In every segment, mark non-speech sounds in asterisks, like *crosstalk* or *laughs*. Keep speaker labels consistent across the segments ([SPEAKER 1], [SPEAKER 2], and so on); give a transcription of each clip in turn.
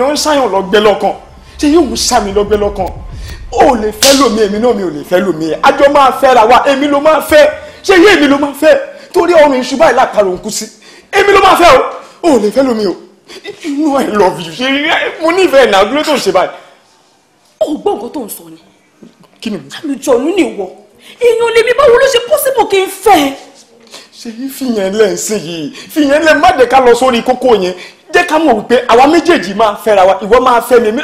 [SPEAKER 1] èèyàn ń sáyàn lọ́gbẹ́ lọ́kàn ṣé yóò ń sàmì lọ́gbẹ́ lọ́kàn ó lè fẹ́ lómi èmi náà mi ò lè fẹ́ lómi ẹ̀ àjọ máa fẹ́ ra wa èmi ló máa fẹ́ ṣé yé èmi ló máa fẹ́ torí ọrùn iṣu báyìí látara òun kú sí èmi ló máa fẹ́ o ó lè fẹ́ lómi o inú ẹ̀ love you ṣe mo nífẹ̀ẹ́ náà dúró tó ń ṣe báyìí. ó gbọ́ nǹkan tó ń sọ ni kí ni mo sọ. àlùjọ̀nù ni ìwọ èèyàn lèmi báwo ló ṣe possible kí n fẹ́ ẹ. ṣe yí fìyẹn lẹ́ ń sìn yìí fìyẹn lẹ́ má dé ká lọ sórí kókó yẹn jẹ́ ká mọ̀ wípé àwa méjèèjì máa fẹ́ra wa ìwọ máa fẹ́ mi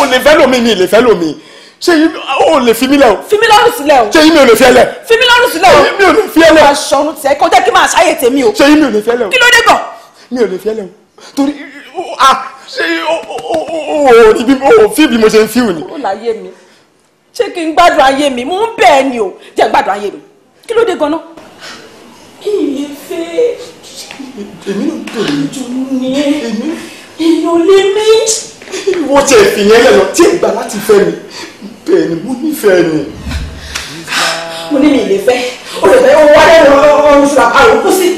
[SPEAKER 1] ó lè fẹ́ lómi ni lè fẹ́ lómi ṣé o lè fi mí lẹ̀ o. fi mí lọ́rùn sílẹ̀ o. ṣé yín mi ò lè fi ẹ lẹ̀. fi mí lọ́rùn sílẹ̀ o. mi ò lè fi ẹ lẹ̀. aṣọ ọ̀run tiẹ̀ kọjá kí máa ṣàyè tèmi o. ṣé yín mi ò lè fi ẹ lẹ̀ o. kí ló dé gan. mi ò lè fi ẹ lẹ̀ o torí a ah, ṣé o fi bí mo ṣe ń fíwù ni.
[SPEAKER 2] ó láyé mi
[SPEAKER 1] ṣé kí n gbádùn ayé
[SPEAKER 2] mi mo ń bẹ̀ ẹ́ ni o jẹ́ gbádùn ayé mi kí ló dé gan náà. kí ni ìfẹ́
[SPEAKER 1] èmi náà tó ní. ìdùnnú ni èmi.
[SPEAKER 2] èèyàn lè mí.
[SPEAKER 1] wọ́n ti fìyẹn lẹ́nu tí ì gbà láti fẹ́ mi bẹ́ẹ̀ ni mo nífẹ̀ẹ́ ni.
[SPEAKER 2] mo ní mi ìlè fẹ́ o lè fẹ́ o wá lẹ́nu
[SPEAKER 1] ọrùn fún apá yòókù sí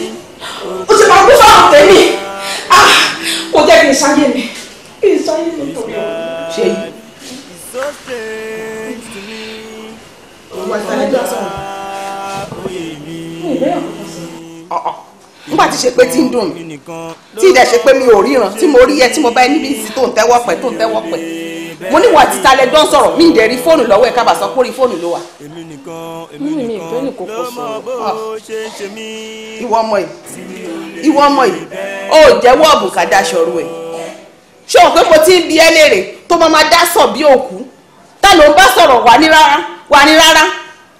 [SPEAKER 3] o ti máa kú fáwọn tẹ̀mí
[SPEAKER 2] ah, kò jẹ́ kí n ṣáyé mi kí n ṣáyé mi tó yọ ṣe yìí. Wọ́n ti sáré jọ sọ̀rọ̀. Ìbéèrè kò sọ̀rọ̀ nígbà tí ṣe pé tí ń dùn mí tí ìdẹ̀ ṣe pé mi ò ríran tí mo rí ẹ tí mo bá ẹ níbi ìsìn tó ń tẹ́wọ́ pẹ́ tó ń tẹ́wọ́ pẹ́ mo níwà títa lẹ dán sọ̀rọ̀ mí ìdẹ̀ rí fóònù lọ́wọ́ ẹ kábàá sọ pé orí fóònù ló wà. èmi nìkan èmi nìkan ló mọ bó ṣe ń ṣe mí. ìwọ ọmọ yìí ìwọ ọmọ yìí ó jẹ́wọ́ bùkádà ṣọ̀rọ̀ ẹ̀ ṣé o pé mo ti ń bi ẹ́ léèrè tó máa ma dá sọ̀ bí òkú tá ló ń bá sọ̀rọ̀ wà ní rárá wà ní rárá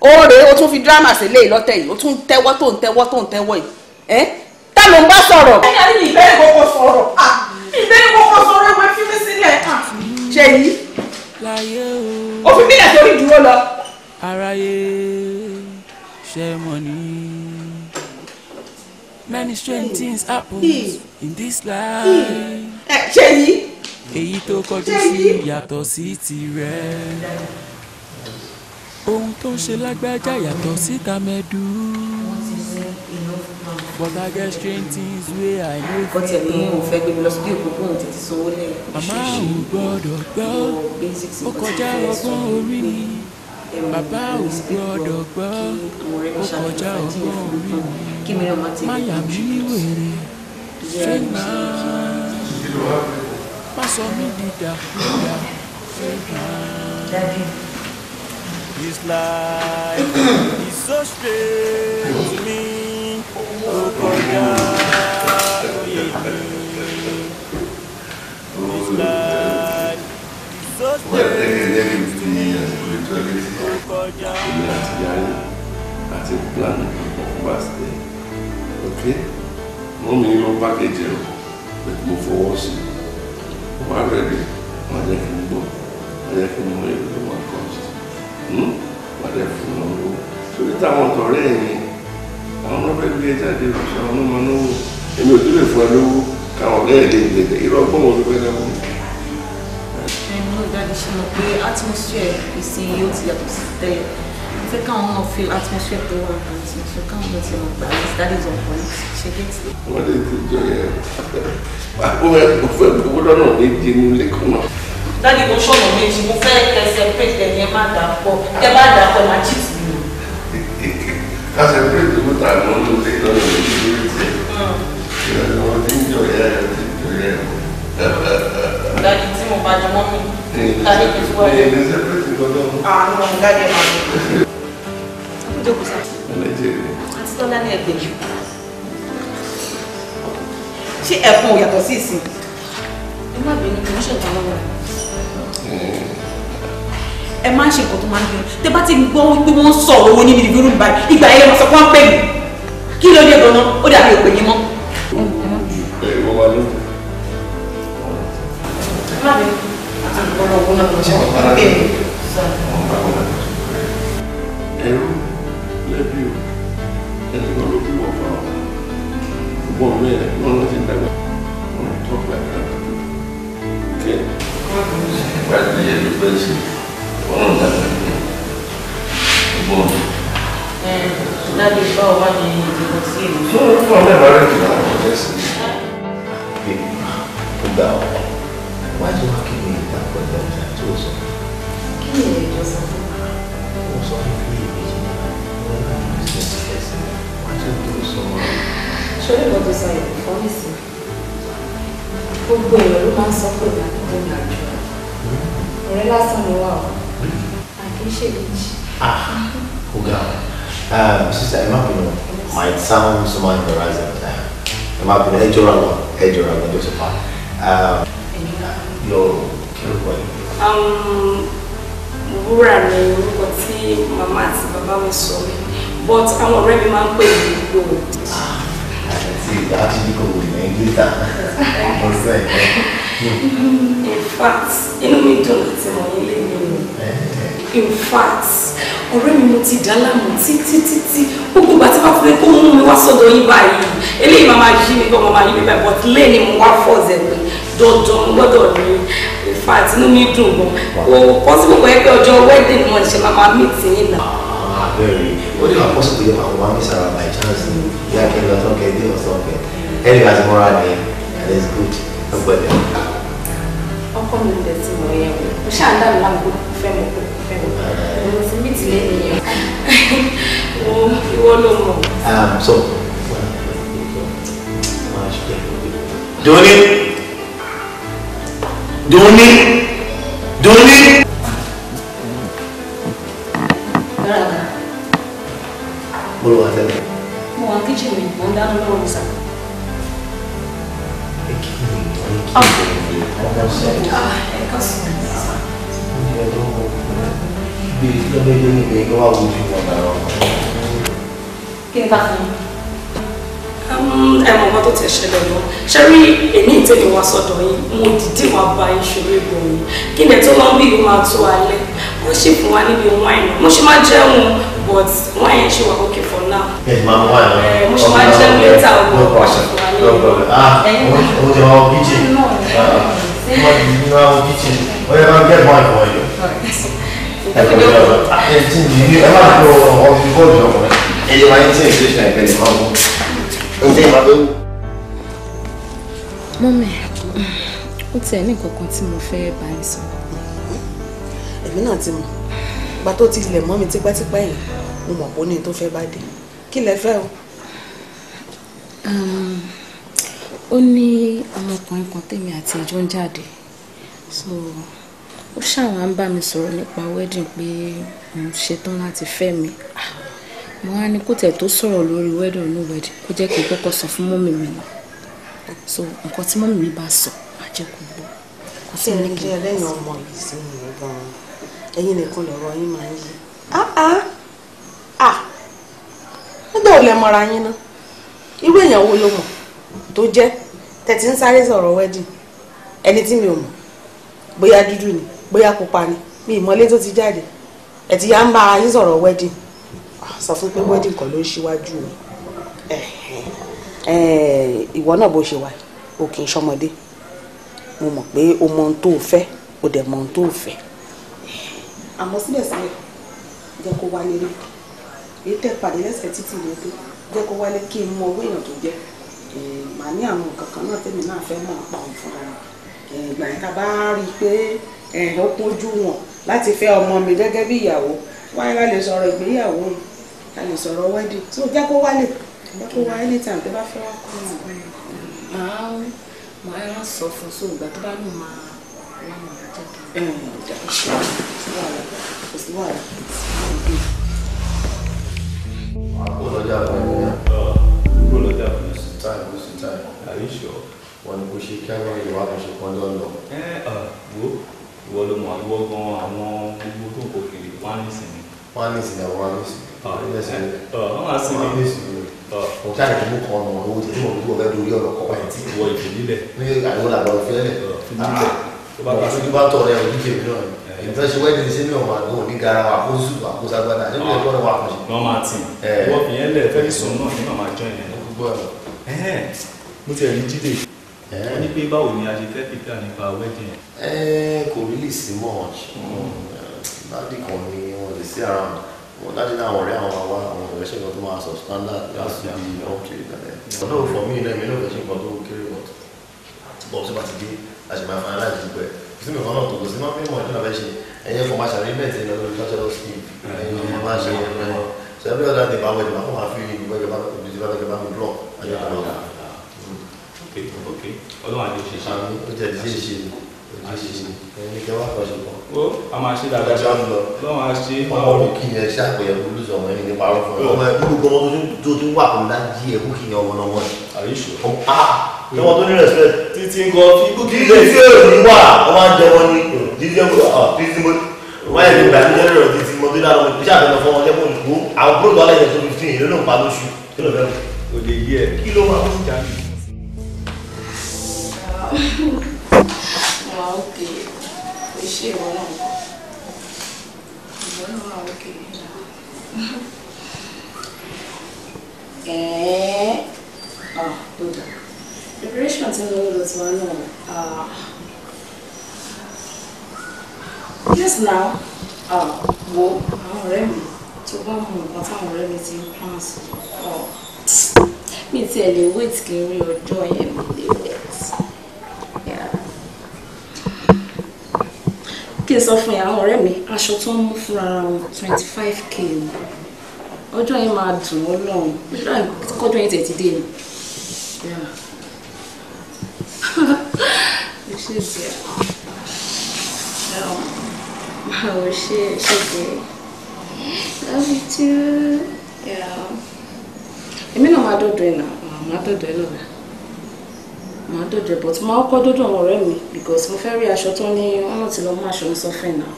[SPEAKER 2] ó rèé o tún fi dírámà sílé ìlọ́tẹ̀ yìí o tún tẹ́wọ́ tó ń tẹ́wọ́ tó ń tẹ́wọ́ yìí ẹ eh? tá ló ń bá sọ̀rọ̀. ẹ̀yà ni ìbéèrè kọ́kọ́ sọ̀rọ̀ ah, ìbéèrè kọ́kọ́ sọ̀rọ̀ ìwé fífi sílẹ̀ ṣe yìí òfin mi lẹ̀ torí dúró lọ. aráyé ṣe many strange things happen in this life. Eh, ṣe yìí. èyí tó kọjú sí yàtọ̀ sí tirẹ̀ ohun tó ń ṣe lágbájá yàtọ̀ síta mẹ́dùn but I get strange things where I know fit. ọtí ẹni ò fẹ́ gbé mi lọ sí òkú kóun tètè sanwó lẹ́yìn. màmá ò
[SPEAKER 4] gbọ́dọ̀ gbọ́ ó kọjá ọgbọ́n orí mi bàbá ò gbọ́dọ̀ gbọ́ ó kọjá ọgbọ́n orí mi má yà mí ní wèrè ṣé máa má sọ mí di dàkúdà ṣé máa. This
[SPEAKER 5] life is so strange ó kọjá òye mi
[SPEAKER 4] islam sọ́sẹ̀ ó kọjá àti plan ọgbà sílẹ̀ ok wọ́n mi lọ pákéjì rẹ̀ pẹ̀lú mo fọwọ́ sí i wọ́n á rẹ̀ dé wọ́n á jẹ́ kí n gbọ́ wọ́n á jẹ́ kí n mọ èrè lọ́wọ́ àkọ́jì wọ́n á jẹ́ fún wọn lọ́wọ́ torí táwọn ọ̀tọ̀ rẹ̀ yẹn àwọn ọmọ fẹ́ẹ́ gbé jáde òṣìṣẹ́ àwọn ọmọ náà wò èmi ò tún lè fún ẹ lówó káwọn ọ̀gá ẹ̀ lè lè irọ́ ọgbọ́n wo ló fẹ́ náà wò.
[SPEAKER 2] ẹnu dáadé ṣe mọ̀ pé atmosphere ìsìn yóò ti yàtọ̀ sí tẹ́lẹ̀ fẹ́ káwọn náà fi atmosphere tó wà ní atmosphere káwọn náà ti mọ̀ gbà ní studies on police ṣe gé ti.
[SPEAKER 4] wọ́n lè ti jọ yẹn o fẹ́ gbogbo
[SPEAKER 2] ṣọ̀nà méjì mo fẹ́ tẹsẹ̀ pé tẹ̀yẹ má dà pọ̀ tẹ bá dà pọ̀ máa jí That's a pretty good time. One will take on the security. You know, enjoy it, enjoy it. Daddy, tí mo bá jọ mọ́ mi. Daddy, it's well. Yeah, there's a pretty Ah, no, daddy, man. Jókòó sá. Àti Tọ́lá ní ẹgbẹ́ yìí. Ṣé ẹ̀fọn ò yàtọ̀ sí ìsìn? Ẹ má bínú, kì í ṣètò àwọn ẹ má ṣe nǹkan tó máa ń bẹ̀rù tẹ bá ti gbọ́ pé wọ́n ń sọ̀rọ̀ owó níbi ìbírú báyìí ìgbà yẹn wọ́n sọ pé wọ́n pè mí kí ló dé gan-an ó dàbí òpè yín mọ́.
[SPEAKER 4] ẹrú lẹ́bí o ẹni kan ló bí wọ́n fún ọ Daddy, báwo wá ní ìdìbò sí èmi? Ṣé o fún ọ̀rẹ́
[SPEAKER 2] rẹ̀ kì í láwọn ọ̀rẹ́ sí i? Bí o gbà ọ́, wá jẹ́ wá kí ni ìta pẹ̀lú ọjà tí o sọ. Kí ni ìjọ sọ fún mi? Mo Gbogbo èèyàn máa ń sọ pé ìgbà tó ń gbà Ọ̀rẹ́ lásán ni wà ó.
[SPEAKER 6] Ah, who got um, Sister Emma Pino might sound someone in the horizon. Emma Pino, Ejorango, Ejorango, Josepha. Um, your care boy.
[SPEAKER 2] Um, Wúrà ni orúkọ tí màmá àti bàbá mi sọ mí but àwọn ọ̀rẹ́ mi máa ń pè mí gold.
[SPEAKER 6] àti àti gold ní gíga ọ̀sẹ̀ yẹn
[SPEAKER 2] in fact inú
[SPEAKER 6] mi dùn láti mọ̀ yín lẹ́yìn o
[SPEAKER 2] in fact ọ̀rẹ́ mi mo ti dá láàmú títí títí gbogbo ìgbà tí bá ti lè kó mú mi wá sọ́dọ̀ yín báyìí eléyìí máa máa yí mi kọ́ máa máa yí mi báyìí but lẹ́ni mo wá fọ́ ọ̀sẹ̀ pé dandan gbọ́dọ̀ ní in fact inú mi dùn gan
[SPEAKER 6] o possible
[SPEAKER 2] kọ́ ẹ pé ọjọ́ wedding wọn ṣe máa máa meet yín
[SPEAKER 7] náà.
[SPEAKER 6] àbẹ̀rẹ̀ ah, ó lè máa possible yẹn àwọn máa mi sára by chance ní ìyá kẹlẹ́ ọ̀sán kẹ́ẹ́dé ọ̀sán kẹ́ẹ́ ẹ̀rí ni and it's good. Nobody
[SPEAKER 2] ọkọ mi ń dẹ̀tí mọ̀ yẹn o mo ṣáà ń dà mí láàmú kó fẹ́ mọ̀ kó fẹ́ mọ̀ mo ti mí tìlẹ̀ nìyẹn o ìwọ ló mọ̀.
[SPEAKER 6] Um, so
[SPEAKER 8] doni doni doni. mo lọ wá tẹ́lẹ̀. mo wà kíchìn mi mo ń dáná lọ́wọ́ mi sá. me
[SPEAKER 2] Kí ni ká fún yín? ẹmọ ọmọ tó ti ṣẹlẹ̀ lọ ṣe rí èmi ìtẹ̀lé wa sọ̀dọ̀ yìí mo dìde wa ba ìṣòro ìbò yìí kí ni tó máa ń bí ìlú máa tó alẹ́ wọ́n sì fún wa níbi wáìnì mo ṣe máa jẹun but wáìnì ṣe wà okay for now mo ṣe máa jẹun later ọgbọ̀n ọ̀ṣẹ̀ fún wa ní ìlú. ẹ̀yin náà Now kitchen,
[SPEAKER 6] wherever I get one for you. Ẹ̀jìn yìí ẹ máa lọ É bọ́ọ̀lù ọkùnrin. Ẹ̀jẹ̀ máa ń tí ìgbésẹ̀ ìgbẹ́ni máa mú. Ǹjẹ́
[SPEAKER 4] ìmọ̀ tó wù?
[SPEAKER 2] Mọ́mí, ó tiẹ̀ ní nǹkan kan tí mo fẹ́ bá yín sọ. Èmi náà ti mọ̀. Ìgbà tó ti ilẹ̀ mọ́ mi tipẹ́tipẹ́ yìí, mo mọ̀ pé ó ní tó fẹ́ bá dé. Kí lẹ fẹ́ o? Um, ó ní ọmọkùnrin kan tèmi àti ìjọ ń jáde so ó ṣàwọn ń bá mi sọ̀rọ̀ nípa wedding pé òun ṣetán láti fẹ́ mi ah, mo wá ní kó tẹ̀ tó sọ̀rọ̀ lórí wedding or no wedding kó jẹ́ kí n kọ́kọ́ sọ fún mọ́mì mi nà so nǹkan tí mọ́mì mi bá sọ má jẹ́ kó gbọ́ kó tí mo ní kí n lẹ́yìn ọmọ yìí sí mi gan-an ẹ̀yin nìkan lọ̀rọ̀ yín máa ń yí ah, ah. nígbà ò lè mọ̀ra yín ná irú èèyàn wo ló mọ̀ tó jẹ́ tẹ̀tí ń sáré sọ̀rọ̀ wedding ẹni tí mi ò mọ̀ bóyá dúdú ni bóyá pupa ni mi ìmọ̀lé tó ti jáde ẹ̀tí ya ń bá ara yín sọ̀rọ̀ wedding ah, sọ fún pé wedding kan ló ń ṣíwájú mi ìwọ náà bó ṣe wà o kì í ṣọmọdé mo mọ̀ pé o mọ ohun tó o fẹ́ o dẹ̀ mọ ohun tó o fẹ́. àmọ́ síbẹ̀síbẹ̀ jẹ́ kó wálé rí èyí tẹ́ pàdé lẹ́sẹ̀ títì lóde jẹ́ kó wálé kí n mọ owó èèyàn tó jẹ́ màá ní àwọn nǹkan kan náà tèmi náà fẹ́ mọ̀ pa òun fúnra rẹ̀ ìgbà yẹn ká bá rí i pé ó kúnjú wọn láti fẹ́ ọmọ mi gẹ́gẹ́ bí ìyàwó wáyé wá lè sọ̀rọ̀ ìgbéyàwó ká lè sọ̀rọ̀ wedding tí ó jẹ́ kó wálé jẹ́ kó wá anytime tó bá fẹ́ wá kó wọn. màá màá rán sọ fún sóò ìgbà tó bá lù máa lánàá jáde. kò sí wàhálà kò sí wàhálà.
[SPEAKER 5] àpò lọ́jà the time, what's the time? Are you sure? Wọ́n kò ṣe kẹ́rọ ìwà kò ṣe pọ́n lọ́lọ́. Ẹ ẹ
[SPEAKER 6] wo ìwọ ló mọ àlúwọ́ gan àwọn gbogbo tó kò kiri wá nísìnyí. Wá nísìnyí àwọn wá nísìnyí. Ọ̀ ọ̀ máa sinmi. Wá nísìnyí. Mo ṣáà ìdìbò kan ọ̀nà owó tí mo dúró ọ̀rẹ́ lórí ọ̀rọ̀ kọ̀ọ̀kan yìí tí. Wọ ìdílé. Ní àdúgbò làbọ̀ ìfẹ́lẹ̀. Ìdílé bá tọrẹ òdíje mi náà ni ìfẹ́ ṣe wẹ́ẹ̀dì ní ọmọ àgọ́ òní gara wà kó sùn wà kó sagbada ṣé kí ẹ gbọ́dọ̀ ṣe. wọ́n máa tì wọ́n fi yẹn lẹ̀ fẹ́ẹ́ sùn náà ní màmá jọ ìyẹn mo ti ẹ̀rí jíde wọ́n ní pé báwo ni a ṣe fẹ́ pípẹ́ nípa wedding. ẹ kò really sí much hmm. dádì kan ni wọn lè sí around wọn dádì náà àwọn ọ̀rẹ́ àwọn àwa àwọn ọ̀rẹ́ ṣẹ̀gbọ́n tó máa sọ standard láti di ọ̀kẹ́ ìdálẹ́. ọ̀dọ́ fọ mí náà mi náà fẹ́ ṣe nǹkan tó kéré wọ̀ bọ̀ tó bá dé a sì máa fara láti gbẹ sí mi kan náà tó kò sí máa fẹ́ mọ̀ ọ̀dọ́ náà ṣe ẹ̀yẹ́ fọmáṣà rí bẹ́ẹ̀ tẹ́lẹ̀ lórí lọ́jọ́ lọ́sìn ẹ̀yẹ́ fọmáṣà rí bẹ́ẹ̀ Saya un peu dans des paroles, on m'a fait une nouvelle banque, une nouvelle banque, une blanc. Ok, ok. Ọlọ́run àti òṣìṣẹ́. Àwọn òjèjì ṣe òjèjì. Ẹni kẹwàá kan ṣe pọ̀. Ó a máa ṣe dáadáa. Ṣé àwọn lọ? Lọ́wọ́ a ṣe. Ọmọ òun kì í yẹn ṣe àpẹyẹwò lóṣù ọmọ ẹni nípa ọ̀rọ̀ fún ọ. Ọmọ ẹ̀kú gbọ́n tó tún wà kó lájí ẹ̀kú kì í yan ọmọ náà wọ̀nyí. Àyíṣò. Ọmọ tó ní respect. Títí nǹkan fi kú kí ilé ìfẹ́ òní wà. Ọmọ àjẹmọ́ wọ́n yẹ nígbà tí lẹ́rọ̀ ti ti mọ bí dáná mo ṣáà fẹ́ lọ fọ́ wọn jẹ́ kó n gbó àwọn kúrò lọ́lẹ̀ yẹn tó fi fi ìlú náà pa lóṣù kí ló fẹ́ràn. kò lè yí ẹ kí ló máa ń jà mí.
[SPEAKER 9] wà á òkè kò ah, ṣe ìwọ náà ìwọ náà wà òkè
[SPEAKER 4] *laughs*
[SPEAKER 9] ẹ̀ẹ́ ọ̀
[SPEAKER 2] ah, tó dà preparation tí mo lò tí wọ́n náà. Ah, yes now ah, wo àwọn ọ̀rẹ́ mi tó bá mọ nǹkan táwọn ọ̀rẹ́ mi ti ń plan sí ah, mi wait kí we rí him. yẹn mi lè wait. kí n sọ fún yàrá ọ̀rẹ́ mi aṣọ tó ń mú fúnra wọn twenty five k ọjọ́ yẹn máa dùn ó lọ́hùn kọjọ́ yẹn tẹ̀tí dé ni. *laughs* Wow, she she did.
[SPEAKER 1] Love you too. Yeah.
[SPEAKER 2] I mean, I'm not doing náà, I'm not doing lọ́la. I'm not doing. but my kọ́ dọ̀dọ̀ àwọn ọ̀rẹ́ me because mo fẹ́ rí aṣọ tó ní ọ̀nà tí lọ́ọ́ mú aṣọ now,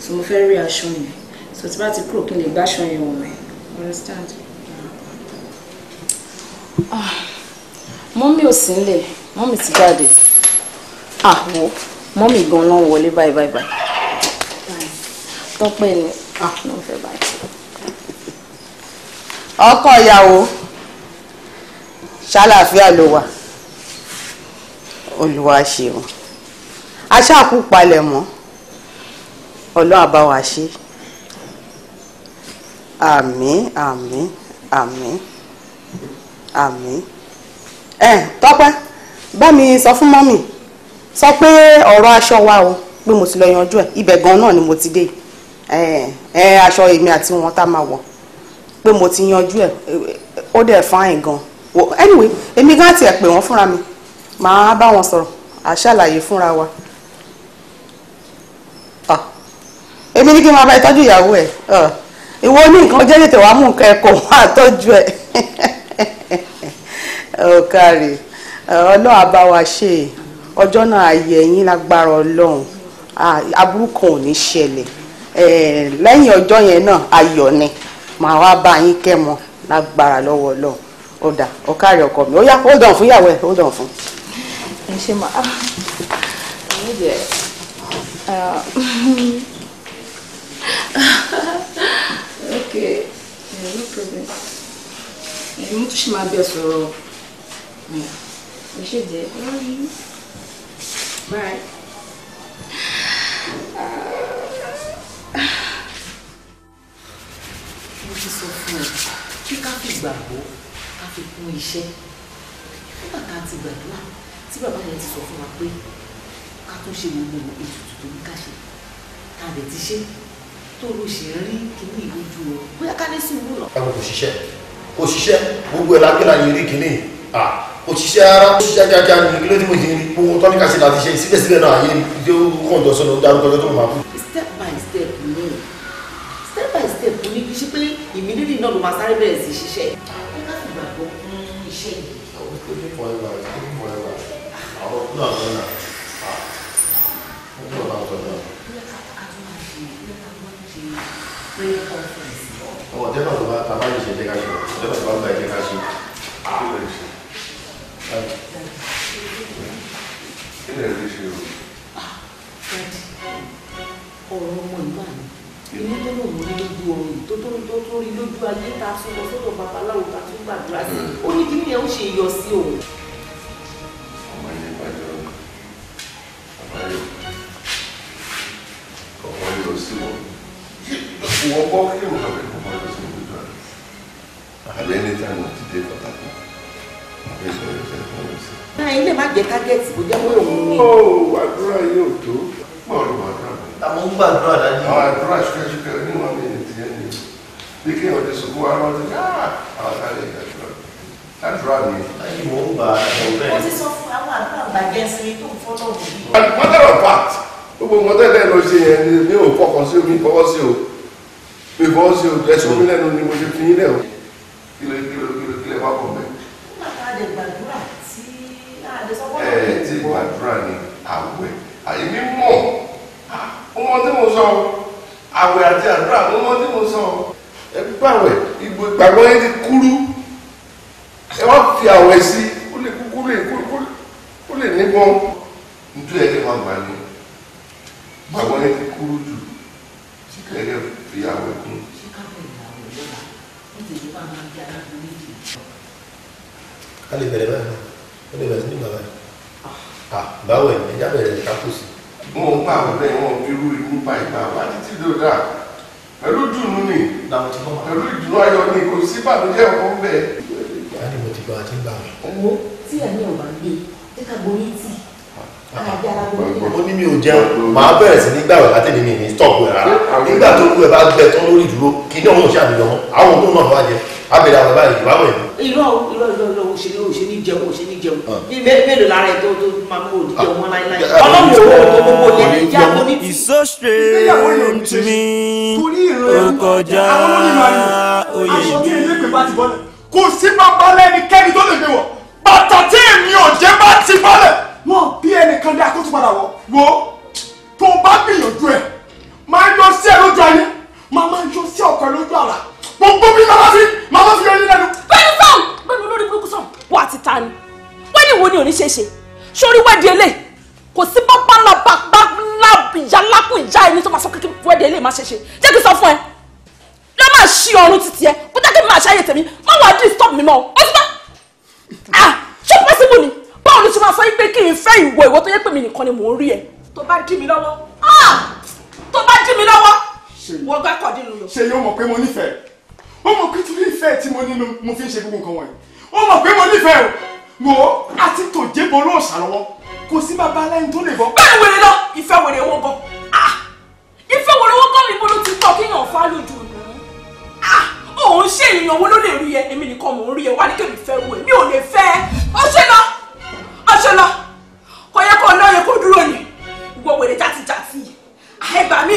[SPEAKER 2] So mo fẹ́ rí aṣọ yẹn. So tí bá ti kúrò kí n lè gbáṣọ yẹn wọ̀n mẹ́. Understand? Ah. Mọ́mí Mommy sí nílé, mọ́mí ti jáde. Àwọ̀ ah, mọ́mí gan-an wọlé bye, bye, bye. Tọ́pẹ́ ni ló ń fẹ́ báyìí. ọkọ ìyàwó ṣàlàáfíà ló wà olùwà ṣeun aṣáàkú palẹ̀ mọ́ ọlọ́run àbáwá ṣe àmín àmín àmín àmín ẹ Tọ́pẹ́ bá mi sọ fún mọ́mì sọ pé ọ̀rọ̀ aṣọ wa o pé mo ti lọ yanjú ẹ̀ ibẹ̀ gan-an náà ni mo ti dé yìí aṣọ èmi àti wọn tá máa wọ̀ pé mo ti yanjú ẹ̀ ó dẹ̀ fáìn gan anyway èmi gan tiẹ̀ pè wọ́n fúnra mi màá bá wọn sọ̀rọ̀ àṣàlàyé fúnra wa ah, èmi ní kí n máa bá ìtọ́jú ìyàwó ẹ̀ ah, ìwọ ní nǹkan jẹ́ tètè wàá mú nǹkan ẹ̀kọ́ wá tọ́jú ẹ̀ ọ̀kàrì *laughs* ọlọ́run á bá wa ṣe ọjọ́ náà ayé ẹ̀yìn lágbára ọlọ́run ah, aburú kan ò ní ṣẹlẹ̀ lẹ́yìn ọjọ́ yẹn náà ayọ̀ ni màá wá bá yín kẹ́ mọ lágbára lọ́wọ́ ọlọ́run ó dà ọ̀kárí ọkọ mi ó yá ó dàn fún ìyàwó ẹ̀ ó dàn fún.
[SPEAKER 9] ẹ ṣe máa ah. ẹ jẹ ah. *laughs* okay no problem ẹ̀yin mo tún ṣe máa bẹ sọ̀rọ̀ ẹ ṣe jẹ bye. Uh,
[SPEAKER 2] mo ti sọ fún ẹ kí ká fi gbàgbọ́ ká fi kún iṣẹ́ nígbà tá a ti gbàdúrà tí bàbá yẹn ti sọ fún wa pé ká tún ṣe gbogbo
[SPEAKER 6] ètùtù tó ní ká ṣe ká lè ti ṣe
[SPEAKER 2] tó ló ṣe ń rí kíní ìlójú ọ bóyá ká ní sùúrù lọ.
[SPEAKER 6] ẹ kò ṣiṣẹ́ kò ṣiṣẹ́ gbogbo ẹ̀ lágbẹ́lá yẹn rí kíní òṣìṣẹ́ ara òṣìṣẹ́ kíákíá ni kí ló dé mo ṣe ń rí gbogbo tọ́níkà sí láti ṣe síbẹ̀síbẹ̀ náà ayé ìdí ó kàn jọ sọ́nà ó ọjọ́ tó máa kú.
[SPEAKER 2] náà ló máa sáré bẹ̀rẹ̀ sí ṣiṣẹ́ yìí. ó ká sì gbàgbọ́ fún iṣẹ́ yìí. àwọn tó ní fọyín wa tó ní fọyín wa
[SPEAKER 8] àwọn tó náà lọ́nà àwọn tó náà lọ́nà lọ́nà. ọmọ tẹ́lá tó bá tàbá lè ṣe jẹ́ ká ṣe tẹ́lá tó bá gba ẹ̀jẹ̀ ká ṣe. kí ni ẹ̀ lè ṣe o.
[SPEAKER 4] ọ̀rọ̀ ọmọ ìgbà mi ìlú tó lòun rí lójú oorun tó tó tó tó rí lójú ayé ta tún lọ sọ́dọ̀ babaláwo ta tún gbàdúrà sí hmm. ó ní kí nìyẹn ó ṣe yọ sí òun. wọ́n bọ́ kí wọ́n bẹ̀rẹ̀ kọ́ máa lọ sí ìlú náà àbẹ́ ní táwọn ti dé pàtàkì àbẹ́ ìbẹ̀rẹ̀ ìfẹ́ kọ́ lọ sí.
[SPEAKER 2] báyìí lè má jẹ́ tágẹ́tì kó jẹ́ mọ́ òun ni. ó
[SPEAKER 4] àdúrà yóò tó mọ́ ọ̀rọ̀ màdàmú àmọ́ ń gbàdúrà lájú. àwọn àdúrà ṣúkẹ́ṣúkẹ́ onímọ̀ mi ní tiẹ̀ ni bí kí ọdẹ sọkún wa lọ sí ah! àwọn àtàlẹ̀ ìgbàdúrà àdúrà mi. ayé mò ń gbà ẹ̀rọ bẹ́ẹ̀. wọ́n ti sọ fún àwọn àgbà àgbàjẹ́ sí tó ń fọ́nà òbí. mọ́tẹ́ rọ̀ pa gbogbo mọ́tẹ́ lẹ́ẹ̀ lọ ṣe yẹn ni mi ò fọkọ̀ sí omi fọwọ́ sí o mi fọwọ́ sí o ẹ̀sùn mi lẹ́nu ni mo ṣe fi yín lẹ̀ o kílẹ̀ kílẹ̀ kílẹ̀ kílẹ̀ wà pọ̀ bẹ́ẹ̀. nígbà tá a lè gbàdúrà tí ọmọ tí mo sọ àwẹ̀ àti àdúrà ọmọ tí mo sọ ẹ gbọ́ àwẹ̀ ìgbò ìgbàgbọ́ yẹn ti kúrú ẹ wá fi àwẹ̀ sí ó lè kúkú lè kó lè níbọn nítorí ẹ lè má gbà ní ìgbàgbọ́ yẹn ti kúrú jù sí kẹ́kẹ́ fi àwẹ̀ kún. a lè bẹ̀rẹ̀ báyìí a lè bẹ̀rẹ̀ sí ní bàbá yìí báwo ẹ̀ ẹ̀ jábẹ̀rẹ̀ ká kù sí wọn ò gbà wọlé wọn ò fi rú irú pa ìgbà wá títí dòdà pẹ̀lú dùnú ni pẹ̀lú ìdùnnú ayọ̀ ni kò sí bàbújẹ́ ọkọ̀ ń bẹ̀.
[SPEAKER 6] ìyáni mo ti gba àti gbà mí.
[SPEAKER 4] owó tí ẹni ò bá gbé ẹ ká gbóyè tì o ní mi ò jẹun
[SPEAKER 6] màá bẹ̀rẹ̀ sí ní gbàgbọ́ látẹ̀lé mi ní stọ̀pù ẹ̀ rárá nígbà tó kú ẹ bá gbẹ tán lórí ìdúró kí ní ọ̀hún ṣàdéjọ́ àwọn tó náà wá jẹ abẹ́rẹ́ báyìí ìwà wẹ̀ mí
[SPEAKER 4] irọ́ irọ́ irọ́ jẹun
[SPEAKER 8] o jẹun
[SPEAKER 5] mélòó ah. lára ẹ̀ tó tó máa mú òdì jẹun wọn láíláí ah. ọlọ́run ah. owó tó gbogbo yẹn ìyá mo ní tì. it's so strange to me oyè mi. kò sí bàbá lẹ́nikẹ́ni tó lè gbé wọ̀
[SPEAKER 1] èmi ò jẹ́ bá ti bọ́lẹ̀. wọn bí ẹnìkan dé akóso padà wọ wo tó bá gbìyànjú ẹ máa yọ sí ẹ lójú ayé máa máa yọ sí ọkọ lójú àlá gbogbo bí màmá fi màmá fi orí lẹ́nu. bẹ́ẹ̀ni fáwọn bẹ́ẹ̀ni olórí burúkú sàn wà á ti ta ni
[SPEAKER 2] wẹ́ẹ̀ni wo ni ò ní ṣe ṣe sórí wẹ́ẹ̀dì ẹlẹ́ kò sí bábá làbàbà yálákùn ìyá ẹni tó máa sọ kékeré wẹ́ẹ̀dì ẹlẹ́ máa ṣe ṣe jẹ́ kí n sọ fún ẹ lọ́ máa ṣí ọrùn títí ẹ kó jẹ́ kí n máa ṣe ayé tèmi má wàá disturb mi mọ́ ó ti bá ah ṣé possible ni báwo ni ṣe máa sọ yín pé kí n fẹ́ ìwọ ìwọ tó yẹ pé mi nìkan ni mò ń rí ẹ tó bá dí mi
[SPEAKER 1] lọ́wọ́ ah tó bá dí mi lọ́wọ́ wọ́n gbá kọ̀dí nù lọ. ṣe yóò mọ̀ pé mo nífẹ̀ẹ́ o mọ̀ pé torí ìfẹ́ tí mo ní mo fi ń ṣe gbogbo nǹkan wọ̀nyí ó mọ̀ pé mo nífẹ̀ẹ́ o wò ó àti tòjébo olóòṣà lọ́wọ́ kò sí bàbá aláìní tó lè bọ́. bẹ́ẹ̀ wèrè lọ ìfẹ́ wèrè wọn gan ah! ìfẹ́ wèrè wọn gan mi bolo ti pọ̀ kéèyàn fa lójú
[SPEAKER 2] ìlú òun ṣe èèyàn wo ló lè rí ẹ èmi nìkan mò ń rí ẹ wá ní kébì fẹ́ wù ẹ mi ò lè fẹ́ ẹ ọṣẹ lọ ọṣẹ lọ kò yẹ kó lọ yẹ kó dúró ni ìwọ wèrè játijàti ah! ẹ gbà mí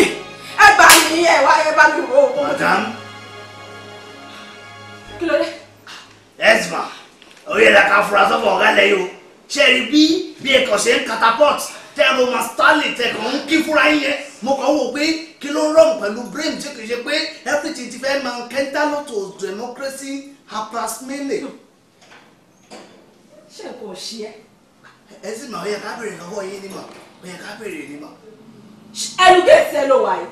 [SPEAKER 2] ẹ gbà mí ẹ wá ẹ bá mi wò
[SPEAKER 8] ó. madam kí ló dé. esma oyè la ka fura sọ́fọ̀ ọ̀gá lẹ yìí o ṣẹ́ẹ̀rì bí bí ẹ̀kọ́ ṣe ń catapult tẹ́rù ma stanley tẹ̀kọ̀ ń kí fúra yín yẹn mo kàn wò pé kí ló rọrùn pẹ̀lú brain tí kì í ṣe pé everything ti fẹ́ máa kẹ́ńtà lọ́tọ̀ democracy haplasmele.
[SPEAKER 7] ṣé kò ṣí ẹ. ẹ sì mà ó yẹ ká béèrè lọ́wọ́ yín ni mà ó
[SPEAKER 8] yẹ ká béèrè ni mà. ẹnu gẹ̀ẹ́sì ẹ ló wà yìí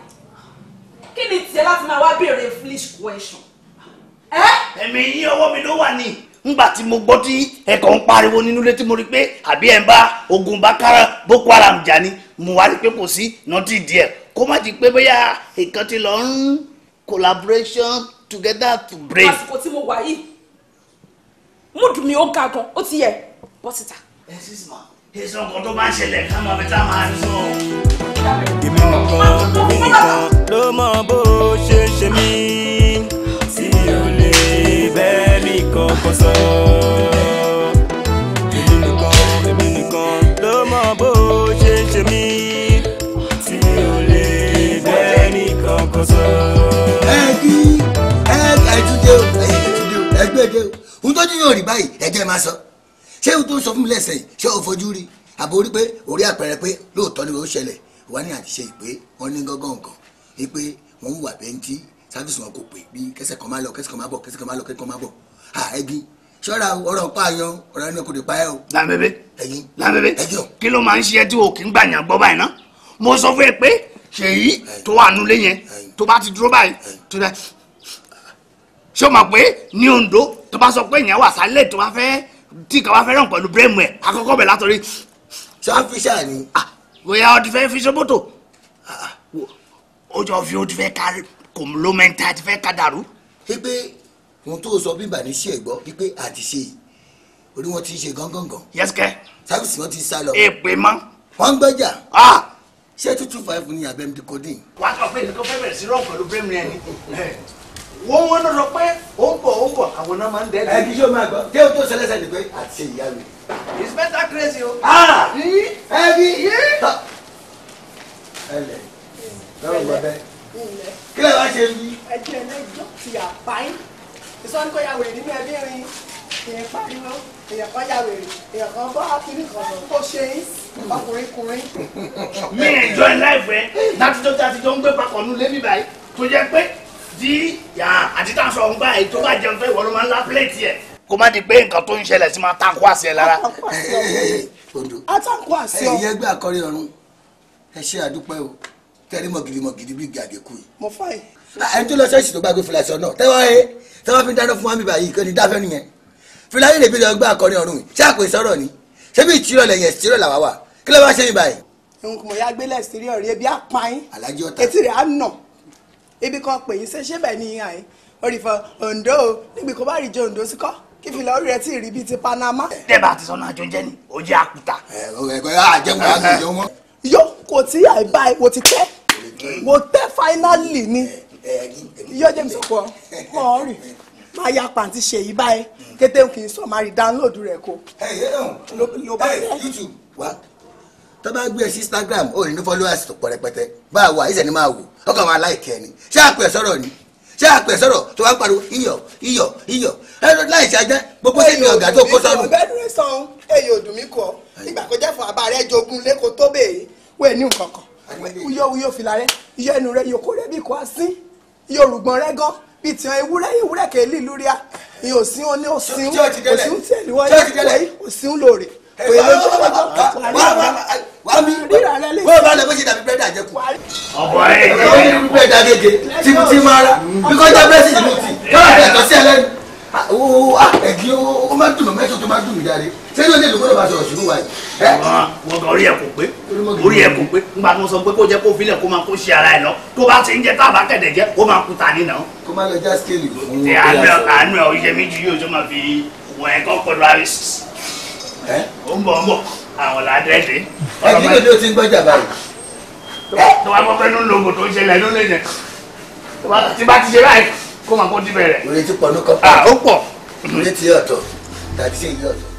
[SPEAKER 8] kí ni tiẹ̀ láti máa wá béèrè foolish question ẹ̀mí yín ọwọ́ mi ló wà ní ngbà tí mo gbọ́ tí ẹ̀kọ́ ń pariwo nínú ilé tí mo rí pé àbí ẹ̀ ń bá ogun bákàrà boko haram jà ni mo wá rí pé kò sí nọ́tì díẹ̀ kó má ti pé bóyá nǹkan ti lọ ń collaboration together to brave. àsìkò tí mo wà yìí múdù mi ó ga gan ó ti yẹ bọ́ síta. ẹ sísè ma èso nǹkan tó máa ń ṣẹlẹ̀ ká máa fi tá a máa sọ.
[SPEAKER 5] èmi nìkan ló mọ bó ṣe ń ṣe mí ò lè bẹ́ẹ̀ ní kọ̀ọ̀kan sọ. èmi nìkan èmi nìkan ló mọ bó ṣe ń ṣe mí o ẹtúndé o
[SPEAKER 10] ẹgbẹ́dẹ o ohun tó ní yàn rí báyìí ẹ̀jẹ̀ máa sọ ṣé ohun tó ń sọ fún mi lẹ́sẹ̀ yìí ṣé o fojú rí àbórí pé orí àpẹẹrẹ pé lóòótọ́ ni ó ṣẹlẹ̀ wà ní àtiṣe ìpè wọn ní gángan nǹkan wípé wọn hùwà bẹ́ńtì sáfíìsì wọn kò pè bí kẹsẹ̀ kan máa lọ kẹsẹ̀ kan máa bọ̀ kẹsẹ̀ kan máa lọ kẹsẹ̀ kan máa bọ̀ à ẹbí ṣọ́ra ọ̀rọ̀ pààyàn ọ̀rọ̀ ẹni
[SPEAKER 8] kò lè pa ẹ́ o. làbẹ̀bẹ̀ ẹ̀yin làbẹ̀bẹ̀ ẹ̀jọ̀ kí ló máa ń ṣe tí o kì í gbàyàn gbọ́ báyìí ná mo sọ fún ẹ pé ṣèyí tó wà nulẹ̀ yẹn tó bá ti dúró báyìí tó dá ṣé o mọ̀ pé ní Ondo tó bá sọ pé ìyẹn wà sálẹ̀ tó bá fẹ́ tí kò bá fẹ́ ràn pẹ̀lú bírèmù ẹ̀ akọ́kọ́ bẹ̀ látọ̀rí. sáfíṣà ni. Ah, bóyá o ti fẹ́ fi ṣe mọ́tò ah, ah. o jọ fi o ti fẹ́ kárí kò ló mẹ́ta ti fẹ́ ká dàrú.
[SPEAKER 10] ṣé pé ohun tó sọ bíbà ní sí ẹ̀gbọ́ wípé àti ṣe orí wọn ti ṣe gángangàn. yẹ́sìkẹ́. sáfìsì wọn ti sá lọ. èpè mọ́. wọ́n gbọ́jà. Ah! ṣé two two five ni abẹ́ mi kò dín. wàá sọ pé nǹkan fẹ́ bẹ̀rẹ̀ sí rọ̀ pẹ̀lú bẹ́ẹ̀ mi ẹni. wọ́n wọ́n náà sọ pé ó ń bọ̀ ó ń bọ̀ àwọn náà máa ń dẹ́ẹ̀dẹ́. ẹbí yóò máa gbọ́ kí o tó sẹlẹ̀sẹ̀ ni pé àti ṣe ìyá mi.
[SPEAKER 7] it's better crazy o. ẹbí. Ah!
[SPEAKER 10] ẹlẹ. lọ́rùn gbọ́ bẹ́ẹ̀ kílẹ̀ wá ṣe yí.
[SPEAKER 7] ẹ̀jẹ̀ lẹ́jọ́ ti àbáyé ìsọ́nkọ́ ya wèrè nínú ẹbí rin èèyàn pariwo èèyàn kan ya
[SPEAKER 8] wèrè èèyàn kan bọ́ akíní kan kó ṣe é ọkùnrin kùnrin. mi enjoy life ẹ látijọ́ tí a ti jọ ń gbé papọ̀ nù lébí báyìí tó jẹ́ pé di àti tá a sọ ọ̀hún báyìí tó bá jẹun fẹ́ ìwọ ló máa ń lá pléètì ẹ̀ kó má di pé nǹkan tó ń ṣẹlẹ̀ sí máa tàkó àṣẹ lára.
[SPEAKER 7] àtàkó
[SPEAKER 10] àṣẹ ọ̀hún. ẹ̀yẹ́gbẹ́ àkọ́rí ọ̀run ẹ ṣe àdúpẹ́ o tẹ́rí mọ̀gìrì mọ̀gìrì bí ìgbà àdínkù yìí.
[SPEAKER 7] mo fà yìí. ẹni
[SPEAKER 10] tó lọ ṣọ́ọ̀ṣì tó gbàgbé fìlà ìṣọ̀ náà tẹ́wọ́ ẹ tẹ́wọ́ fi dáná fún wa mi báyìí kò ní dáfẹ́ nìyẹn fìlà yìí lè bí ọgbà akọrin ọ̀run ṣé àpò ìsọ̀rọ̀ ni ṣé bí ìtìrọ̀ lẹ̀yìn ẹ̀sìtìrọ̀ làwà wà kí ló bá ṣe mi báyìí.
[SPEAKER 7] ẹ̀hún kò mọ̀ ya gbélé ìsírí ọ̀rẹ́ ebi apáyín etí rẹ̀ á nà ibi kan pè yín ṣe ṣé bẹ́ẹ̀ ni àyín orí fọ Ondo níbi kò bá rí jẹ Ondo síkọ́ kí fìlà orí rẹ̀ tí ì rí bíi ti Panama. dẹ́ba
[SPEAKER 8] ti sọ́nà àjọjẹ́ ni ó jẹ́ àkúta. ẹ ẹ ẹ àjẹmọ́ àgbẹ̀jọ́ wọn.
[SPEAKER 7] yóò kò tí àìbá ẹ wò ti tẹ́ mo tẹ́ finally ni yóò jẹ́ mi sọ̀kọ́ mọ̀ ọ́ rìn máa ya pàǹtí ṣe yìí báyìí kété kì í sọ máa rí download rẹ̀ kó.
[SPEAKER 10] Eh, eh, eh, YouTube wá tó bá gbé ẹ sí Instagram ó ní followers tó pọ̀ rẹpẹtẹ bá a wà ìṣẹ̀ ni máa wò ọkàn máa láìkẹ́ ẹ ni ṣé àpẹ sọ̀rọ̀ ni ṣé àpẹ sọ̀rọ̀ tó bá pariwo iyọ̀ iyọ̀ iyọ̀ ẹ láì ṣàjẹ́ gbogbo sí ni ọ̀gá tó kó sọ́nù.
[SPEAKER 7] ọbẹ̀ dúró sàn èyí ò dùn mí kọ ìgbà kọjá fún abá rẹ jogún lẹ́kọ̀ọ́ tó bèè wẹ́ẹ̀ ní nǹkan kan uyọ uyọ fìlà rẹ ẹnu rẹ yòókù rẹ bí kò á sín iyọ òrùngbọ̀n rẹ gan bí tiwọn ewúrẹ́ ewúrẹ́ kèélì lúríà iyọ òsín oní òsín òsín tẹ̀lé wọn ní ìpòyí òsín lòrè òye lójú ọjọ́ wàá mi rírà rẹ lè. wọ́n bá lọ bó ṣe dàbí búrẹ́dì àjẹkù.
[SPEAKER 10] ọ̀bọ̀ ẹ̀ ẹ̀ ẹ̀ ẹ̀ búrẹ́dì àgègè tìmùtìmù ara bíkọ́jà bẹ́sì tìmùtì kọ́lá tẹ̀ tọ́ sí ẹlẹ́nu owó ẹ̀gí ó máa dùn mí mẹ́sàn-án tó máa dùn mí jáde
[SPEAKER 8] sẹ́yìn ló ní èdè gbọ́dọ̀ bá sọ̀rọ̀ sínú wa yìí. wọn kàn orí ẹ kò pé orí ẹ kò pé nígbà tó ń sọ pé kó jẹ́ kó filẹ̀ kó máa kó ṣe ara ẹ̀ lọ tó bá ti ń jẹ tábà kẹ̀dẹ̀ jẹ́ ó máa kúta nínà. kó má lọ já skéèlì fún wọn. àánú ẹ oríṣẹ méjì yóò tó máa fi wọ ẹ̀kọ́ pẹ̀lú àrísìs. ó ń bọ̀ ń bọ̀ àwọn làádẹ́ẹ̀dẹ́. ẹ̀gí ló dé o ti ń gbọ́jà báyìí. tó bá kó máa kó dí bẹ̀rẹ̀. ìrètí pọ̀ Ah, kọ́ pọ̀ ìrètí ọ̀tọ̀ tàbí sí èyí ọ̀tọ̀.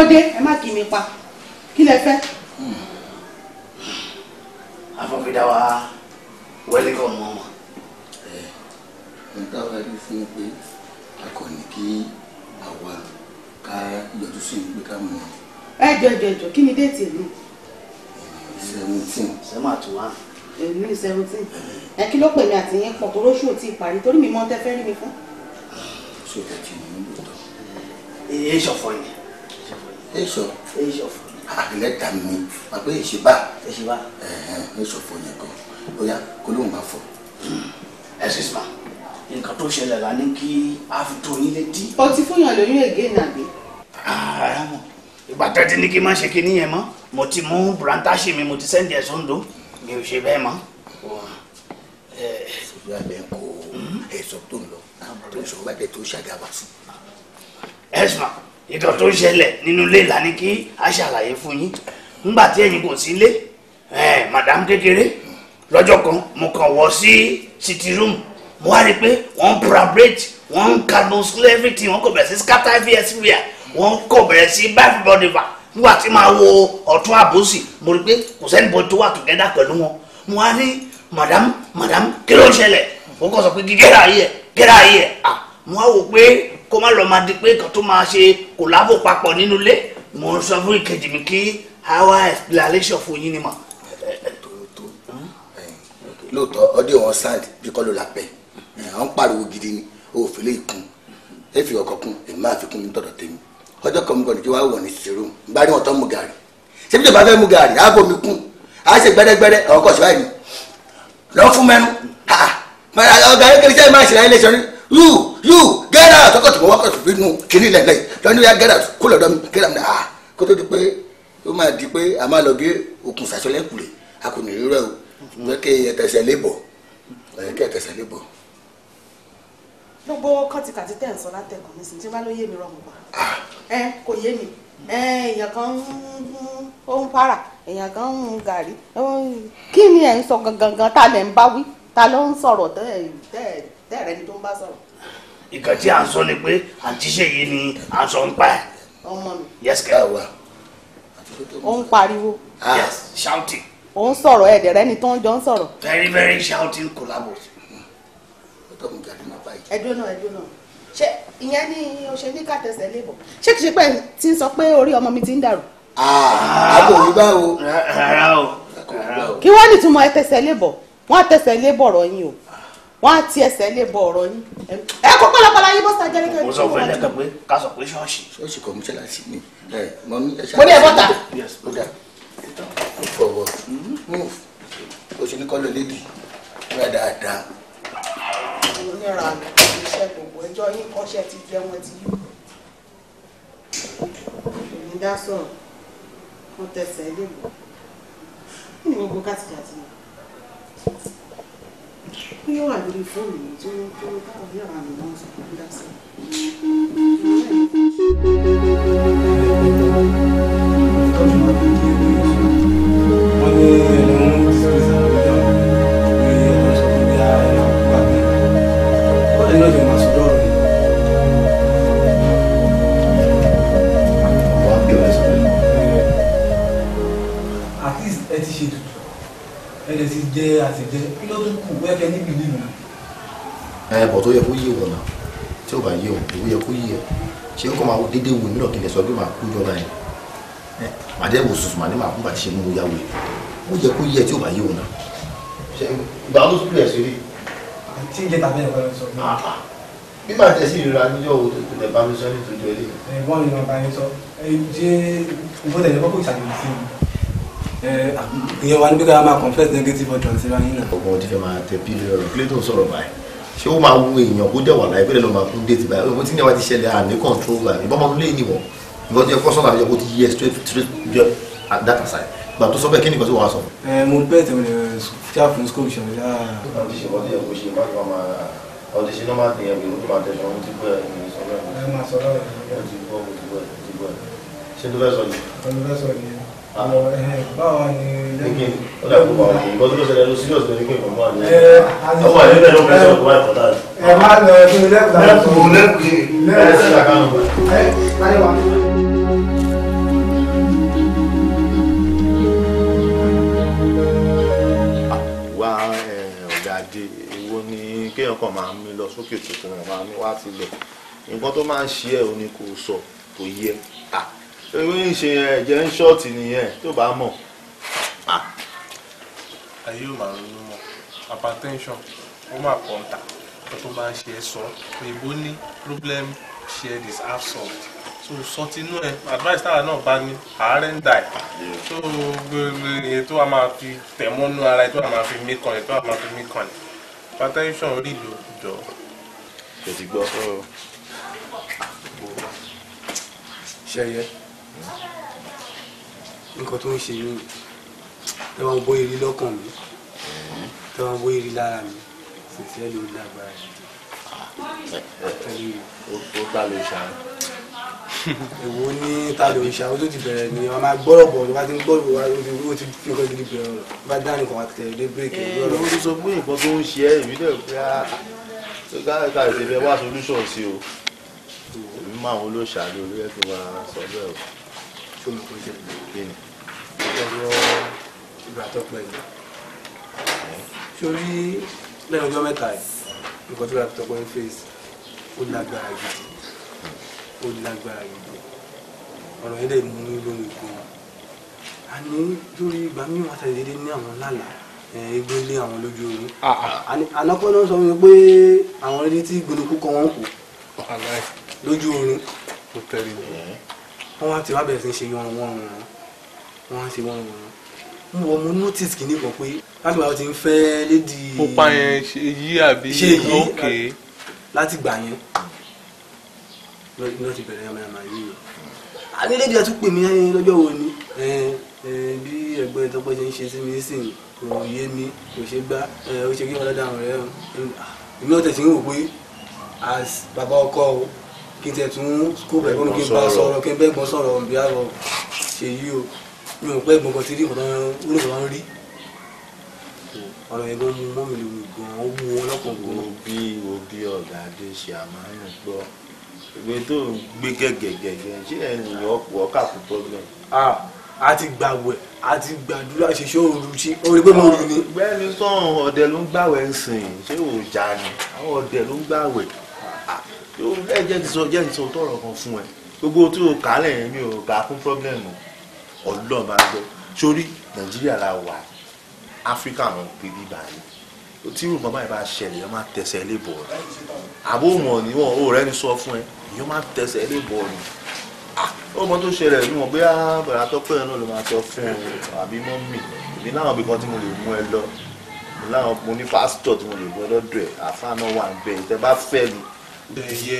[SPEAKER 2] ló dé ẹ má kì mí pa
[SPEAKER 7] kí lẹ fẹ́. Hmm.
[SPEAKER 8] afọ́fídà wa wẹ́lẹ́kọ̀ ọmọ ọmọ. ẹ ẹ táwa rí fún pé
[SPEAKER 10] akọni kí àwa ká yọjú sí pé ká mọ.
[SPEAKER 2] ẹ jọ jọ jọ kí ni déètì ìlú. seventeen. sẹ́mà tó wá. èmi ní seventeen. ẹ kí ló pè mí àtìyẹn pọ̀ tó lóṣù ò tí ì parí torí mi mọ́ tẹ́ fẹ́ rí mi fún.
[SPEAKER 8] Ah, ṣé tí mo ń lò tán. èyí ṣọ̀fọ̀ yẹn èso èso
[SPEAKER 10] àlẹ́ta mi wà pé èsìbá èsìbá èso fò yẹn kan ó yá
[SPEAKER 8] kó ló ń bá fọ. ẹ ṣe sùn nǹkan tó ṣẹlẹ̀ la ní kí a fi tó yín létí.
[SPEAKER 2] o ti fún yàn lóyún
[SPEAKER 8] ègé nàbí. ara ah, mọ ìgbà tẹ́tí ní kí n má ṣe kinní yẹn mọ́ mo ti mú burantaṣi mi mo ti sẹ́ndì ẹ̀ sóńdó mi ò ṣe bẹ́ẹ̀ mọ́. ìṣòro abẹ́ kó èso hmm? tó ń lọ tó ń sọ wájú tó ṣàgàbà sí. ẹ sùn ìtàn tó ń ṣẹlẹ̀ nínú ilé ìlà ni kí a ṣàlàyé fún yín nígbà tí ẹ̀yin kò sí ilé eh, madam kékeré lọ́jọ́ kan mo kàn wọ́ sí city room mo wá rí i pé wọ́n ń prabrate wọ́n ń kanu school everything wọ́n kò bẹ̀rẹ̀ sí scatter everywhere wọ́n kò bẹ̀rẹ̀ sí báyìí bọ́dì fà nígbà tí màá wo ọ̀tún àbòsì mo rí i pé kò sẹ́ni bọ́ tó wà together pẹ̀lú wọn mo wá ní madam madam kí ló ń ṣẹlẹ̀ ó kàn sọ pé get out here get out here ah mo wá wò pé kó má lọ máa di pé nǹkan tó máa ṣe kòlábò papọ̀ nínú ilé mo ń sọ fún ìkejì mi kí àwa explanation fún yín ni mà.
[SPEAKER 10] lóòótọ́ ọdẹ wọn sand bí kọ́ ló la pẹ́ àwọn pariwo gidi ni òfin lè kún èfi ọkọ̀ kún èmi máa fi kún ní tọ̀dọ̀ tèmi ọjọ́ kan gbọ́dọ̀ tí wàá wọ̀ ní sèrò nígbà tí wọ́n mu gàrí ṣébi tó bá fẹ́ mu gàrí á bomi kún á ṣe gbẹ́dẹ́gbẹ́dẹ́ àwọn kọ̀ síwáyé lọ́ fún mẹ́nu ọ̀gá ayékèké sẹ́yìn máa ṣe láyé lẹ́sọ̀rí yóò you get out ọkọ̀ tí mo wá kọ̀ sí inú kìíní lẹ́lẹ́ lọ́nà yà get out kó lọ́dọ̀ mi get out ah kó tó di pé ó máa di pé a máa lọ gé okùn sàṣọlẹ́kùlé a kò ní rírọ̀ o lọ́kẹ́ ẹ̀tẹ̀sẹ̀ lébọ̀ lọ́kẹ́ ẹ̀tẹ̀sẹ̀ lébọ̀.
[SPEAKER 2] gbogbo kọ́tìkàtì tẹ̀ ń sọ látẹ̀kùn mi sì ti bá ló yé mi rọrùn pa ah. ẹ kò yé mi èèyàn kan ó ń para èèyàn kan ń gàrí kí ni ẹ̀ ń sọ gangan ta lẹ̀ ń bá wí ta ló ń sọ̀rọ̀ tẹ́ẹ̀ tẹ́ẹ̀ tẹ́ẹ̀ rẹ ni tó ń bá sọ̀rọ̀
[SPEAKER 8] ìkan tí à ń sọ ni pé àǹtí ṣèyí ni à ń sọ ń pa ẹ̀. ọmọ mi. yes kẹ́ ẹ wá. ó ń pariwo. Ah. yes shouting.
[SPEAKER 2] ó ń sọ̀rọ̀ ẹ̀dẹ̀ rẹ́ni tó ń jọ ń sọ̀rọ̀.
[SPEAKER 8] very very shouting collabo.
[SPEAKER 2] ẹjọ́ náà ẹjọ́ náà ṣe ìyẹn ni o ṣe ní kàtẹsẹ̀ lébọ̀ ṣé kìí ṣe pé tí ń sọ pé orí ọmọ mi ti ń dàrú. Ah,
[SPEAKER 8] àbò mi báwo. rárá o.
[SPEAKER 2] kí wọ́n ní túmọ̀ ẹ tẹsẹ̀ lébọ̀ wọ́n tẹsẹ̀ lébọ̀ rọ̀ yín o wọ́n á ti ẹsẹ̀ lè bọ ọ̀rọ̀ yín ẹ kó pálapàla yín bọ́sà jẹ́ nígbà
[SPEAKER 8] tí mo sọ fún ẹ lẹ́kàn pé ká sọ pé ṣọ́ọ̀ṣì. ṣọ́ọ̀ṣì kọ́ mú ṣẹlẹ̀sì ni mo ní ẹ bọ́ta.
[SPEAKER 10] ó dà fọwọ́ move o ṣe ní kọ́ lọ lédi rẹ dáadáa. mo ní ra mi iṣẹ́ gbogbo ẹjọ́ yín
[SPEAKER 2] kọ́ṣẹ́ ti jẹ́ wọn ti yú. èmi dá sọ̀rọ̀ mo tẹsẹ̀ lébùú kí ni gbogbo ká ti jà sí mi. 不用来努力做，你就就到我这来努力做，不得事。
[SPEAKER 5] Thank you.
[SPEAKER 11] ẹ̀jẹ̀ ti jẹ àtẹ̀jẹ kí ló tún kù wẹ́kẹ́ níbi nínú.
[SPEAKER 6] ẹ bọ̀ tó yẹ kó yé wọn náà tí ò bá yé wọn ìwé yẹ kó yé ẹ ṣé ń kọ́ máa dédé wò nílò kí n lè sọ pé màá kú jọba yẹn màdé wò sùsù màdé màá kú bàtí ṣe mú mo yáwó yẹn ó yẹ kó yé ẹ tí ò bá yé wọn náà. ìgbà ló sùn lẹ̀ sí rí. tí ìjẹta bẹ́ẹ̀ bá sọ. Ah, ah. bí màá tẹ̀ sí ìrora níjọ́ wo tó lè bá mi sọ ní ìtòjú ẹ̀ lé. ẹ̀gbọ́n mi máa bá yín sọ ẹ̀ jẹ́ ìfọ̀tẹ̀lẹ́fọ́ kò
[SPEAKER 11] ṣàdéhùn sí mi ìyẹn wa ní pé ká máa confess
[SPEAKER 6] negative ọjọ́ sí wáyé náà. ọgbọ́n ti fẹ́ máa tẹ pílì ọ̀rọ̀ kílé tó ń sọ̀rọ̀ báyìí ṣé ó máa wo èèyàn kó dẹ̀ wà láì bẹ́ẹ̀ lọ́ọ́ máa kú déètì báyìí ohun tí ní àwa ti ṣẹlẹ̀ àmì control àmì bọ́mọ ló lé níwọ̀ nǹkan tó yẹ kó sọ̀rọ̀ àbíyẹ kó ti yẹ straight straight jọ that aside gbà tó sọ bẹ́ẹ̀ kí ni nǹkan tó wà sọ. ẹ mo bẹ́ẹ̀ tẹ̀wé lè ṣá fún school ṣọ̀rọ̀ ṣá. ọdún ṣe ah. wọ́n ti yẹ kó ṣe báwo ni lẹ́yìn. ó dà kó báwo ni ìbọn tó ṣẹlẹ̀ ló serious lórí pé màmá ni. ọmọ àyè bẹ́ẹ̀ ló fẹ́ sọ kó má ẹ̀kọ́ tá. ẹ má lọ ẹ tó lẹ́kùn. lẹ́kùn lẹ́kùn
[SPEAKER 5] ẹ sí àkànnù. ẹ láyé wa.
[SPEAKER 6] wá ọ̀gá adé èwo ni kéèyàn kan máa ń mí lọ sókè tuntun wọn máa ń wá sílẹ̀ nǹkan tó máa ń ṣe ẹ̀ O ní kó sọ tó yẹ ewé ń ṣe ẹ̀jẹ̀ ń ṣọ́ọ̀tì nìyẹn tó bá mọ̀.
[SPEAKER 3] ayé ò máa ronú mọ hypertension ó máa pọ̀ ń tà kó tó máa ń ṣe é sọ òyìnbó ní problem shared is half solved so sọtinú ẹ advice tára náà bá ní àárẹ̀ ń dà ẹ̀ so gbogbo èyí tó wà máa fi tẹ̀ mọ́nú ara ẹ̀ tó wà máa fi mí kan ẹ̀ tó wà máa fi mí kan ẹ̀ hypertension rí ìlú jọ. ṣètìgbọ́ ṣẹyẹ
[SPEAKER 11] nǹkan tó ń ṣe mí tẹ wọn bóyá rí lọ́kàn mi tẹ wọn bóyá rí lára mi ṣèṣẹ ló lágbára ó ta ló ṣá èwo ní ta ló ṣá ó tó ti bẹ̀rẹ̀ ni wọn máa gbọ́rọ̀ bọ̀ ló bá ti ń gbọ́rọ̀ wá lórí owó ti fi nǹkan gidi bẹ̀rẹ̀ ló bá dá nǹkan wá tẹ̀lé dé bírèkì lọ́rọ̀. ẹ ló
[SPEAKER 6] sọ pé nǹkan tó ń ṣe ẹ ìbí dẹ̀ pé
[SPEAKER 4] ah,
[SPEAKER 6] ká ìṣẹ̀fẹ̀ wá solution sí o èmi máa ń lo ṣáà lórí tó máa sọ bẹ́ẹ̀ o tó mọ̀ kó ṣe lè ọ̀rọ̀ ìgbà tó pẹ́ yìí sórí
[SPEAKER 11] lẹ́nu ọjọ́ mẹ́ta yìí nǹkan tó láti tọpẹ́ fèsì ó lágbára gidi ó lágbára gidi ọ̀rọ̀ yẹn dẹ̀ mú lórí gan-an àní lórí ìgbà míì wọn àtàlẹ́ dédé ní àwọn lálàá egun lé àwọn lójú oorun ah, ah. ànákọ́ náà sọ wípé pé àwọn rí tí gbòdòkú kan wọn kù lójú oorun wọ́n wá ti wá bẹ̀rẹ̀ sí ṣe yọrùn wọn wọn wọ́n wá ṣe wọ́n wọn mo wọ mo notice kìíní kan pé láti gbà tí n fẹ́ lédi. pupa yẹn ṣe yí àbí ṣe yí ok láti gbà yẹn náà ti bẹ̀rẹ̀ yàmà yàmà yìí àní lédi àti pè mí lọ́jọ́ wo ni bí ẹgbẹ́ tọpẹ́ ṣe ń ṣe sí mi sìn kò yé mi kò ṣe gbá ó ṣe kí wọ́n lọ́dọ̀ àwọn ọ̀rẹ́ ẹ̀ èmi náà tẹ̀sí ń wò pé as bàbá ọkọ o kí n tẹ̀ tún kó pẹ̀lú kí n bá sọ̀rọ̀ kí n bẹ́gbọ́n sọ̀rọ̀ ọ̀nbí àrọ̀ ṣe yí o mi ò pẹ́ gbọ̀ngàn ti rí nǹkan rí ọ̀rọ̀ yẹn gan mú mi
[SPEAKER 6] lè gan ó mú wọn lọ́kàn gan. òbí òbí ọ̀gá adé ṣe àmánú gbọ́ ìwé tó ń gbé gẹ́gẹ́gẹ́gẹ́ ṣé ẹ̀yìn ọ̀pọ̀ ọ̀kà kò problem.
[SPEAKER 3] a
[SPEAKER 6] ti gbàwẹ̀ a ti gbàdúrà ṣe ṣé òru ṣe orí pé mo rù ni. bẹ́ẹ̀ ni sọ́hun ló ń gbàwẹ̀ ń sìn ṣé òòjà ni àwọn ọ̀dẹ ló ń gbàwẹ̀ ẹ jẹ́ ti sọ jẹ́ ti sọ tọrọ kan fún ẹ gbogbo tí o kà á lẹ̀ mi ò bá fún pọ́blẹ́mù ọlọ́ọ̀ máa gbọ́ sórí nàìjíríà la wà áfíríkà náà pé bíbá yìí tí irú bàbá yìí bá ṣẹlẹ̀ yọ máa tẹsẹ̀ ilé bọ̀ ọ́ àbó mọ̀ ni wọn ò rẹ́ni sọ fún ẹ yọ máa tẹsẹ̀ ilé bọ̀ ọ́ ni ọmọ tó ṣẹlẹ̀ ni wọn bóyá bàrà tọ́pẹ́ náà ló máa sọ fún ẹ àbí mọ́mì èmi láwọn ibìkan tí mo lè mú ẹ lọ láwọn mo ní pásítọ̀ tí mo lè mú ẹ lọ́dọ̀ ẹ̀ àfáà náà wà ń bẹ ìtẹ́ bá fẹ́ mi
[SPEAKER 3] bẹ̀yẹ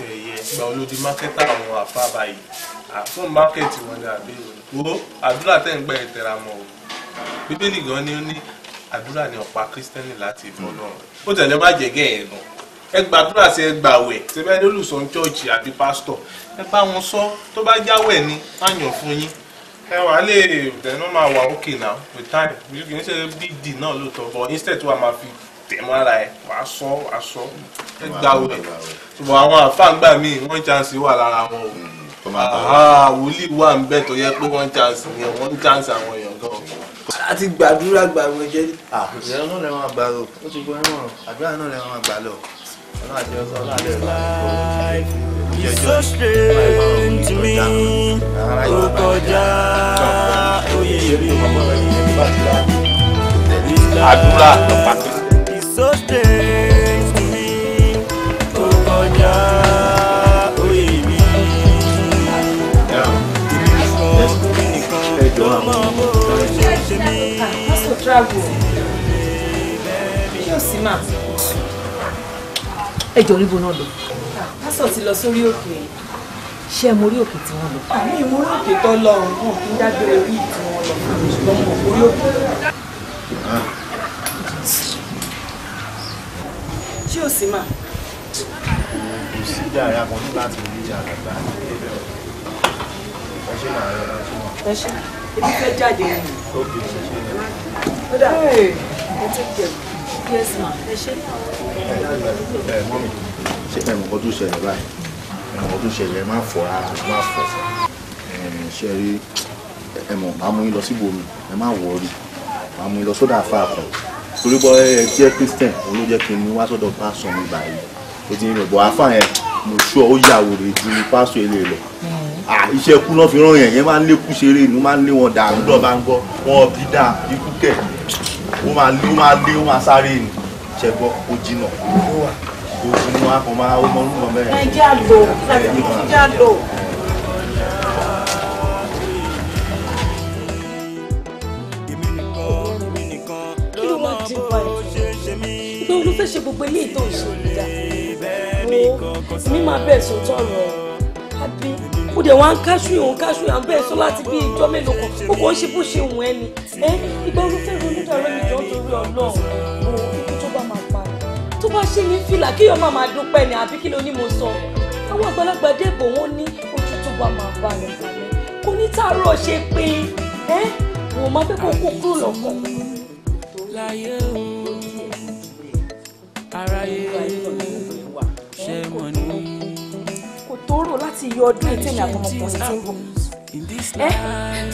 [SPEAKER 3] bẹ̀yẹ gba olódi mákẹ́tà àwọn àfa báyìí àfún mákẹ́tì wọn ni àbí ìròyìn o àdúrà tẹ̀ ń gbà ẹ̀ tẹ̀ra mọ́ o bíbélì gan ni ó ní àdúrà ni ọ̀pá kírísítẹ́nì láti ìbọn hmm. náà ó tẹ̀lé má jẹ̀gẹ́ ẹ̀ nù ẹ gbàdúrà sí ẹ gbàwẹ̀ ṣẹbẹ́ lólùsàn chọ́ọ̀chì àbí pásítọ̀ ẹ bá wọn sọ tó bá jáwẹ̀ ni má yàn fún yín ẹ wà á lè tẹ̀lé máa wà ókè náà with time kì í ṣe big d náà lóòótọ́ but instead wa máa fi tẹ̀ mọ́ ara ẹ̀ wàá sọ wàá sọ ẹ gbà wẹ̀ ṣùgbọ́n àwọn àfáàgbà míì wọ́n chance wà lára wọn o mm, wòlíì wà ń bẹ̀ tó yẹ pé wọ́n chance yẹn wọ́n chance àwọn èèyàn gan
[SPEAKER 11] a ti gbàdúrà gbàwé jẹ. Ah.
[SPEAKER 6] ìyá náà lè wọn gbà lọ ó ti gbọ́ ẹ̀wọ̀n àdúrà náà lè wọn gbà lọ ọlọ́run àti ọ̀sán ọlọ́run àti ọ̀sán. It's so strange to me. O kọjá
[SPEAKER 5] oyè rí. Àdúrà lọ pàtó so strange to me ó kọjá òye mi. Ìlú nìkan ló mọ bó
[SPEAKER 2] ṣe ṣe mí. Pásítọ̀ travel kí o sì máa ti kú. Ẹ jọ oríbo náà lọ. Pásítọ̀ ti lọ sórí òkè. Ṣé ẹ mọ orí òkè tí wọ́n lọ? Àmì ìmúrí òkè tó lọ, wọn kì í dágbére orí ìtì wọn lọ, ṣùgbọ́n mo
[SPEAKER 5] kò rí òkè. Ah.
[SPEAKER 2] ṣé ò sí mà.
[SPEAKER 6] kò sí jàre kan ní láti rí jàre gbà níbẹ̀ ẹ ṣe máa rẹ
[SPEAKER 5] ẹ ṣe ẹ ṣe ebi fẹ́ jáde ni.
[SPEAKER 6] ó kì ṣe ṣe ní.
[SPEAKER 5] kódà ẹ ti jẹ yes ma ẹ ṣe.
[SPEAKER 6] ẹ ẹ mọ́mí ṣé ẹ mọ̀ nǹkan tó ṣẹlẹ̀ báyìí ẹ mọ̀ nǹkan tó ṣẹlẹ̀ má fọ̀ rárá má fọ̀ ṣe rí ẹ mọ̀ máa mú yín lọ síbòmí ẹ má wọ̀ rí mú yín lọ sódà fáàkùn torí bọ́ ẹ jẹ́ christian òun jẹ́ kí n wá sọ́dọ̀ pásọ̀ mi báyìí o ti rìn bọ̀ afá yẹn mo sọ ó yà wòlé ju pásọ̀ ilé lọ hmm. ah, iṣẹ́ kú náà fi ràn yẹn yẹn máa ń lékú ṣeré inú máa ń lé wọn dànù lọ́ọ́ bá ń gbọ́ wọn bí dà ikú kẹ̀ ó máa lé ó máa lé ó máa sáré ni ṣẹ́gbọ́ ó jìnà ó jìnà wọn kò máa ó mọ orúkọ bẹ́ẹ̀. ẹ jẹ́
[SPEAKER 1] àlò
[SPEAKER 5] ẹ jẹ́ àlò.
[SPEAKER 2] fẹ́ ṣe gbogbo ilé ìtò ìṣèlúdà wo mi máa bẹ̀ sòótọ́ ọ̀rọ̀ àbí kò dẹ̀ wọ́n á káṣú ìhun káṣú ìhun bẹ́ẹ̀ sọ láti bí ìjọ mélòó kan ó kàn ṣe bó ṣe wù ẹ́ ẹ ìgbà olúfẹ́ ronúdà rẹ̀ mi jọ torí ọlọ́run wo ikú tó bá máa pa tó bá ṣe ní fìlà kí ọmọ máa dúpẹ́ ni àbí kí ló ní mo sọ àwọn àgbàlagbà dẹ́bọ̀ wọn ní ojú tó bá máa bá rẹ̀ kò ní tààrọ̀ ṣe pé ẹ wò má fẹ́ kó kúrò lọ́kàn aráyé ṣe mọ̀ ní. kò tóró láti iye ọdún ìtẹ̀mí àtọmọkùnrin tí ń bọ̀ ẹ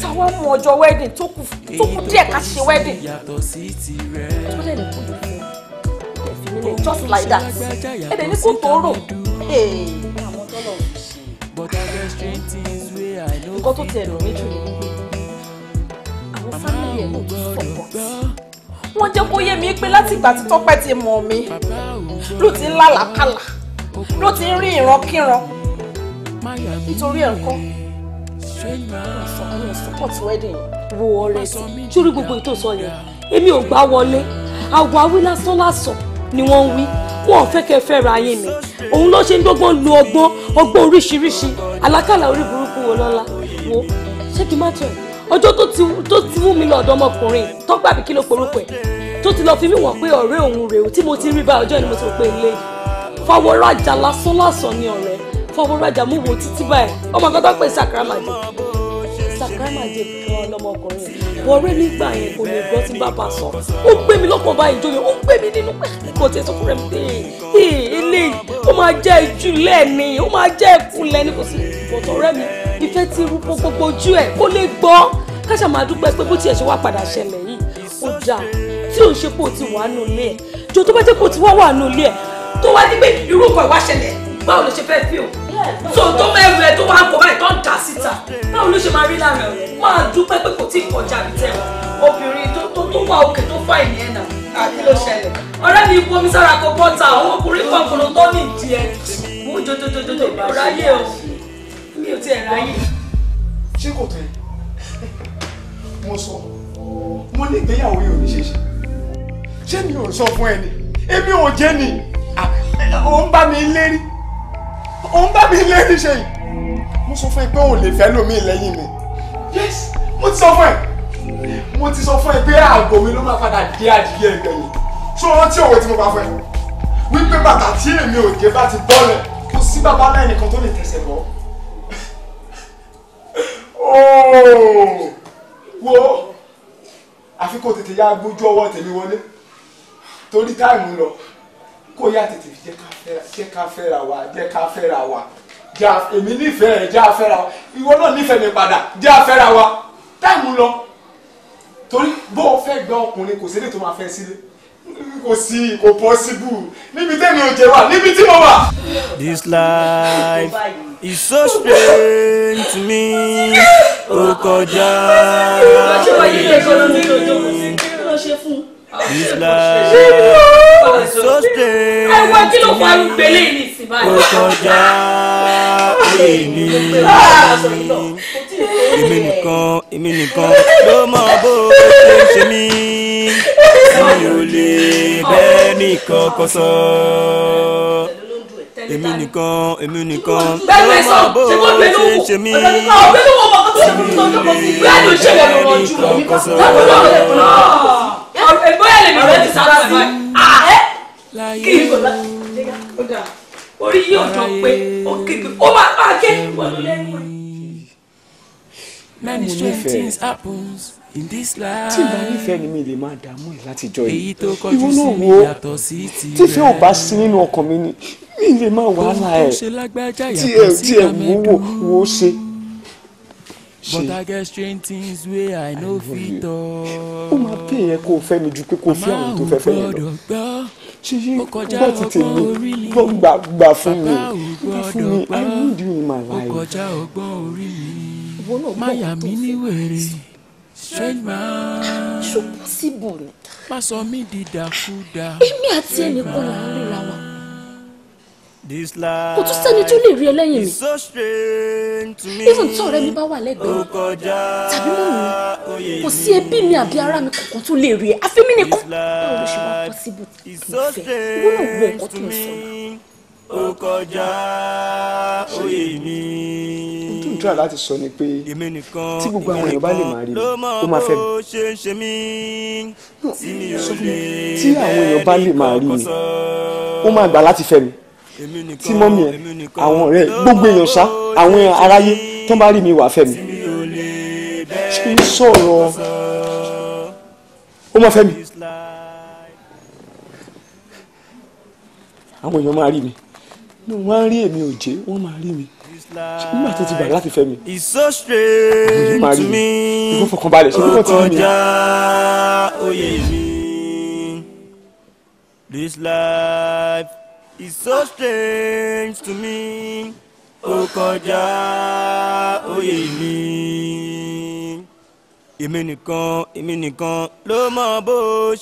[SPEAKER 2] táwọn mú ọjọ́ wedding tó kù díẹ̀ ká ṣe wedding tó dẹ̀ ní kó lè fẹ́ ẹ̀
[SPEAKER 3] fi nílẹ̀ just like that ẹ̀ dẹ̀ ní kó
[SPEAKER 2] tóró nǹkan tó tiẹ̀ lò mí jù àwọn fámìlì ẹ̀ ló sọ̀pọ̀ wọ́n jẹ́ kó yé mi pé láti ìgbà tí Tọ́pẹ́ ti mọ̀ mi ló ti ń lálàákàlà ló ti ń rí ìrankíran nítorí ẹ̀ ń kọ́ ọ̀sán support wedding wo ọ̀rẹ́ sí sórí gbogbo ètò sọ yẹn èmi ò gbá wọlé àwọ̀ awí lásán lásán ni wọ́n ń wí wọn ò fẹ́ kẹ́ fẹ́ ra ayé mi òun ló ṣe ń dọ́gbọ́n lu ọgbọ́n ọgbọ́n oríṣiríṣi àlákàlà orí burúkú wo lọ́la wo ṣé kí n má tọ̀ ẹ́ ọjọ́ tó ti mú mi lọ́dọ̀ ọmọkùnrin tó gbàgbé kí ló porúkọ ẹ̀ tó ti lọ́ọ́ fi mí wọ̀n pé ọ̀rẹ́ òun rèé tí mo ti rí bá ọjọ́ ni mo ti pè é lé fọwọ́rajà lásán lásán ni ọ̀rẹ́ fọwọ́rajà mú wo títí báyìí ọmọ kan tó pè sàkàràmàjẹ sàkàràmàjẹ kan lọmọkùnrin wọ̀ọ́rẹ́ nígbà yẹn kò lè gbọ́ tí bàbá sọ ó gbé mi lọ́kàn báyìí jóyè ó gbé mi nínú pé kò tẹ̀ sọ fún rẹ̀ pé eléyìí ó máa jẹ́ ìjúlẹ̀ ni ó máa jẹ́ ìkúnlẹ̀ ni kò sí ìbọ̀tọ̀ rẹ̀ mi ìfẹ́ ti rú gbogbo ojú ẹ̀ kó lè gbọ́ káṣà máa dúpẹ́ pé bó tiẹ̀ ṣe wá padà ṣẹlẹ̀ yìí ó dáa tí ò ń ṣe kó ti wà nù ilé ẹ̀ jọ tó bá jẹ́ kó ti wá wà nù ilé ẹ̀ tó wá ní irú nǹkan ìwá ṣẹlẹ̀ báwo ló ṣe fẹ́ fi o tó tó mẹ́rin ẹ̀ tó wá kó báyìí tó ń dà síta báwo ló ṣe máa rí lára máa dúpẹ́ pé kò tí ì kọjá àbí tẹ̀ obìnrin tó tó wà òkè tó fà ìní ẹ̀ nà àbí ló ṣẹlẹ̀ ọ̀rẹ́ mi
[SPEAKER 1] mi ò tiẹ̀ ráyè. ṣé kò tẹ́ mo sọ mo ní ìgbéyàwó yìí ò ní ṣe ṣe ṣé mi ò sọ fún ẹ ni èmi ò jẹ́ ni ò ń bá mi lérí ò bá mi lérí ṣe yìí mo sọ fún ẹ pé òun lè fẹ́ lómi lẹ́yìn mi yes mo ti sọ fún ẹ mo ti sọ fún ẹ pé àgọ́ mi ló máa padà dé adìyẹ ìgbẹ̀yìn tó rántí òwe tí mo bá fẹ́ wípé bàtà tí èmi ò gé bá ti bọ́lẹ̀ kò sí bàbá lẹ́yìn kan tó lè tẹ̀sẹ̀ bọ́ wo àfi kó tètè yá gbójú ọwọ́ tèmi wọlé torí táìmù lọ kó yá tètè jẹ́ ká fẹ́ra wa jẹ́ ká fẹ́ra wa ja èmi nífẹ̀ẹ́ ẹ̀ já afẹ́ra wa ìwọ náà nífẹ̀ẹ́ mi padà já afẹ́ra wa táìmù lọ torí bó o fẹ́ gbọ́ ọkùnrin kò sí lè tó máa fẹ́ sílé kò
[SPEAKER 5] sí kò possible níbi tẹ́mi ò jẹ́ wà níbi tí mo wà. this life is so *laughs* strange to me ó kọjá
[SPEAKER 2] mi
[SPEAKER 5] this life is so strange to me ó kọjá mi èmi nìkan èmi nìkan ló mọ bó ṣe ń ṣe mí mi ò lè nìkan kọ́ sọ. èmi nìkan èmi nìkan ló máa bó ṣe ń ṣe mí. nìkan kọ́ sọ.
[SPEAKER 2] orí yóò dán pé ó kéde ó máa bá a ké wọlé lẹ́yìn. many strange things
[SPEAKER 1] happens in this life. tí ìgbà nífẹ̀ẹ́ ni mi lè máa dààmú ẹ̀ látijọ́ yìí ìwọ náà wo tífẹ́ ò bá sí nínú ọkàn mi ni mi lè máa wàhálà ẹ̀ tí ẹ̀ tí ẹ̀ wò wò wò ṣe.
[SPEAKER 3] but i get strange things wey i no fit talk.
[SPEAKER 1] ó máa pè é kó o fẹ́ mi ju pé kó o fẹ́ àwọn tó fẹ́ fẹ́ yẹn lọ
[SPEAKER 4] ṣe yí gbọ́ ti tèmi
[SPEAKER 1] gbọ́ gbà gbà fún mi gbà fún mi i
[SPEAKER 4] need you in my life. ó ọgbọ́n orí mi máyà mi ní wèrè
[SPEAKER 2] strange man. ṣùgbọ́n síbò ni. má sọ mí di dàkúdà. èmi àti ẹnìkan là ń ríra wa.
[SPEAKER 5] kò tún sẹ́ni tó lè rí ẹlẹ́yìn
[SPEAKER 2] mi. even tí ọ̀rẹ́ mi bá wà lẹ́gbẹ̀ẹ́ tàbí mọ̀ mi kò sí ẹbí mi àbí ará mi kankan tó lè rí ẹ àfi mi nìkan.
[SPEAKER 5] báwo ló ṣe wá pọ́sibú kì í fẹ́ ìwúlò wọ ọkọ tó ń sọ ó kọjá òye mi.
[SPEAKER 1] tó ń tura láti sọ ni pé tí gbogbo àwọn èèyàn bá lè máa rí mi ó máa fẹ́ mi. tí àwọn èèyàn bá lè máa rí mi ó máa gbà láti fẹ́ mi tí mọ́mí ẹ̀ àwọn ọ̀rẹ́ gbogbo èèyàn ṣá àwọn aráyé tó bá rí mi wà fẹ́ mi ṣe ń sọ̀rọ̀ ó máa fẹ́ mi àwọn èèyàn máa rí mi ni wọ́n á rí èmi ò jẹ́ wọ́n máa
[SPEAKER 5] rí mi nígbà tó ti gbà láti fẹ́ mi àwọn máa rí mi ìfún fọkànbalẹ̀ ṣe kókó ti mi. this life is so strange to me ó kọjá oyè mi èmi nìkan èmi nìkan ló mọ bó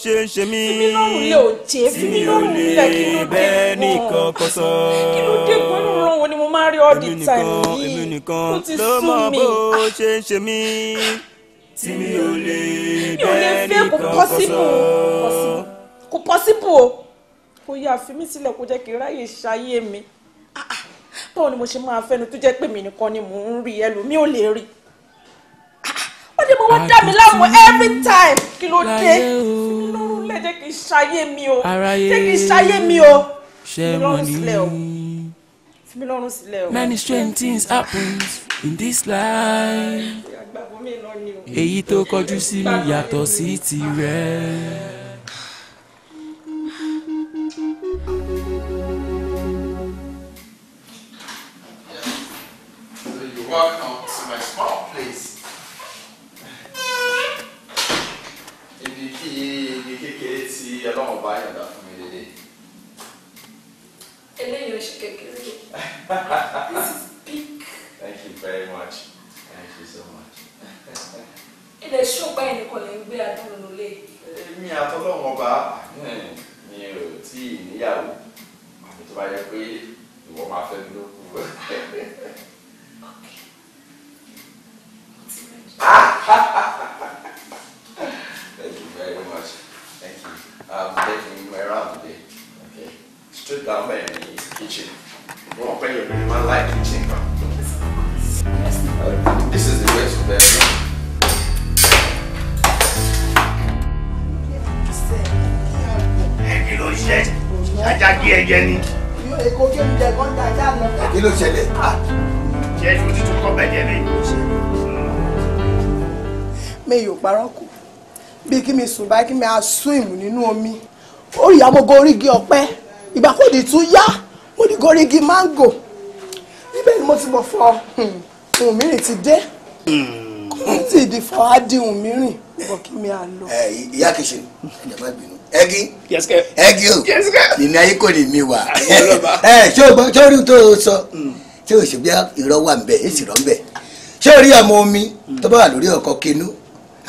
[SPEAKER 5] ṣe ń ṣe mí tí mi ò lè bẹ́ẹ̀ nìkan kan sọ. kí ló dé gbọ́dọ̀ ràn wọ́n ni mo máa rí all the time yìí èmi nìkan ló mọ bó ṣe ń ṣe mí ah. tí mi ò lè bẹ́ẹ̀ nìkan kan sọ. kò pọ́síbù
[SPEAKER 2] o kò yá fi mí sílẹ̀ kó jẹ́ kí n ráyè ṣayé mi ah, ah. báwo ni mo ṣe máa fẹ́nu tó jẹ́ pé mi nìkan ni mò ń rí ẹlòmíì ò lè rí i ó dé mo wá dá mi láàmú every time kí ló dé lọ́rùn lẹ́ jẹ́ kí n ṣayé mi o jẹ́ kí n ṣayé mi o fi mi lọ́rùn sílẹ̀ o fi mi lọ́rùn sílẹ̀ o. many strange things happen in this life èyí
[SPEAKER 3] tó kọjú sí mi yàtọ̀ sí tirẹ̀. ọlọ́run bá yàrá fún
[SPEAKER 4] mi lélẹ̀.
[SPEAKER 2] eléyìí ò ṣe kékeré
[SPEAKER 4] this is big. thank you very much thank you so much. ilẹ̀
[SPEAKER 2] ṣùgbọ́n ẹni kò lè gbé adúlù lé.
[SPEAKER 4] èmi àtọ́lọ́wọ́n ọba eh, mi ò tí ì níyàwó àbí tó bá yẹ pé ìwọ máa fẹ́ mi ló kú. Ah! *laughs* Um, I'm taking my round today. Okay. Stood down by in his
[SPEAKER 8] kitchen. Wọ́n pẹ́ yóò really man light kitchen kan. Uh, this is the way to bed. Kí ló ṣe? Ajá kí ẹyẹ ni.
[SPEAKER 7] Yóò èkó kí oúnjẹ kan dá ajá lọ.
[SPEAKER 8] Kí ló ṣẹlẹ̀? Ṣé ojú tuntun kọ́ bẹ̀jẹ̀ ni?
[SPEAKER 7] Mẹ́yìn ò parọ́ kù bí kí mi sùn báyìí kí mi aswim nínú omi ó rí amógo orígi ọ̀pẹ ìgbàkúndì tún yá mo ní gorígi máńgò níbẹ̀ ni mo ti bọ̀ fọ hmm, ohun mìíràn ti dé kó tí ì di fọ adihun mìíràn bọ̀ kí mi à lọ. ìyá kìsì ẹ̀jẹ̀ má bínú ẹgí
[SPEAKER 10] ẹgí o ìní ayé kò ní mi wà ṣé o rí tó o sọ hmm. ṣé o ṣe bí irọ́ wà ń bẹ̀ èsì rọ̀ ń bẹ̀ ṣé o rí ọmọ omi tó bá wà lórí ọkọ̀ kinu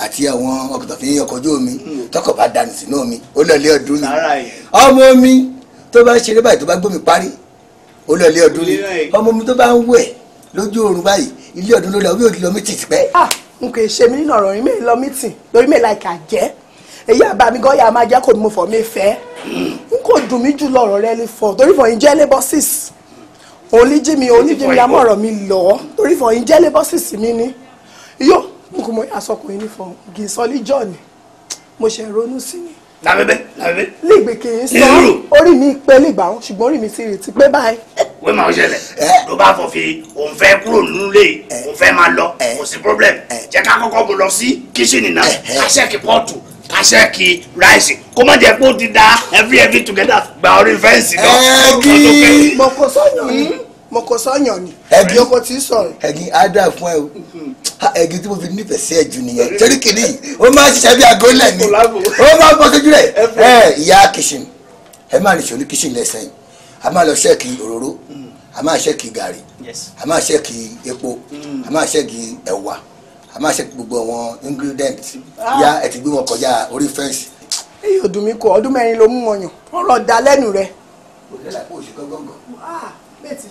[SPEAKER 10] àti àwọn ọkọ̀ tó fi ń ọkọ̀ ojú omi hmm. tọkọ̀ bá dànù sínú omi ó lọ́ọ̀lẹ́ ọdún ni ọmọ omi tó bá ṣeré báyìí tó bá gbómi parí ó lọ́ọ̀lẹ́ ọdún ni ọmọ omi tó bá ń wẹ̀ lójú oorun báyìí ilé ọdún ló lọ bí òdì lọ mítì ti pẹ́.
[SPEAKER 7] Ah, n kò ṣe mí nínú ọ̀rọ̀ yín mi lọ mítì lórí mi láìka jẹ́ èyí àbá mi gọ́yà máa jẹ́ kò ní mo fọ̀ mi fẹ́ n kò dùn mí jù lọ́rọ̀ rẹ ní fọ̀ torí fọ̀ yín jẹ́ labosis òun ní jí mi òun ní jí mi amọ̀rọ̀ mi lọ́ torí fọ̀ yín jẹ́ labosis mi ni yóò mo kò mọ asọkùnrin ní fọ gì sọlí jọ ni mo ṣe ronú sí ni. làbẹ́bẹ́ làbẹ́bẹ́. lígbè kì í sọ orí mi pẹ́ lìgbà wọn ṣùgbọ́n orí mi ti rètí pé báyìí.
[SPEAKER 8] wẹ́ẹ́ máa ń ṣẹlẹ̀ ló bá fọ fi òun fẹ́ kúrò nílé òun fẹ́ máa lọ kò sí problem jẹ́ ká kọ́kọ́ mo lọ sí kíṣìnì náà ká ṣẹ́ẹ̀kì pọ́ọ̀tù ká ṣẹ́ẹ̀kì ráìsì kó má jẹ́ pé ó ti da every every together gba orí fẹ́ǹsì náà. ẹ̀ẹ́dì
[SPEAKER 7] mọ̀kọ́sọ́yàn ni hmm? mọ̀kọ́sọ́yàn ni
[SPEAKER 10] ẹ̀ẹ́dì ọkọ̀ tí sọ̀rọ̀. ẹ̀ẹ́dì á dà fún ẹ o hmm ẹ̀gì tí mo fi nífẹ̀ẹ́ sí ẹ̀jù nìyẹn torí kìíní ó máa ń ṣiṣẹ́ bí aago lẹ̀ ni ó máa ń bọ́ sójú rẹ̀ ẹ ìyá kìsìn ẹ máa rìn sórí kìsìn lẹ́sẹ̀ a máa lọ ṣẹ́ẹ̀kì òróró a máa ṣẹ́ẹ̀kì gàrí a máa ṣẹ́ẹ̀kì epo a máa ṣẹ́ẹ̀kì ẹ̀wà a máa ṣẹ́ẹ̀kì gbogbo àwọn ingredients ah. yá ẹ ti gbé wọn kọjá orí fẹ́ǹsì.
[SPEAKER 7] èyí ò dùn mí kọ ọdún mẹ́rin ló mú wọn yàn wọn lọ da lẹ́nu rẹ.
[SPEAKER 10] kò lẹ́la kó o ṣe gángan.
[SPEAKER 7] Ah, bẹ́ẹ̀ ti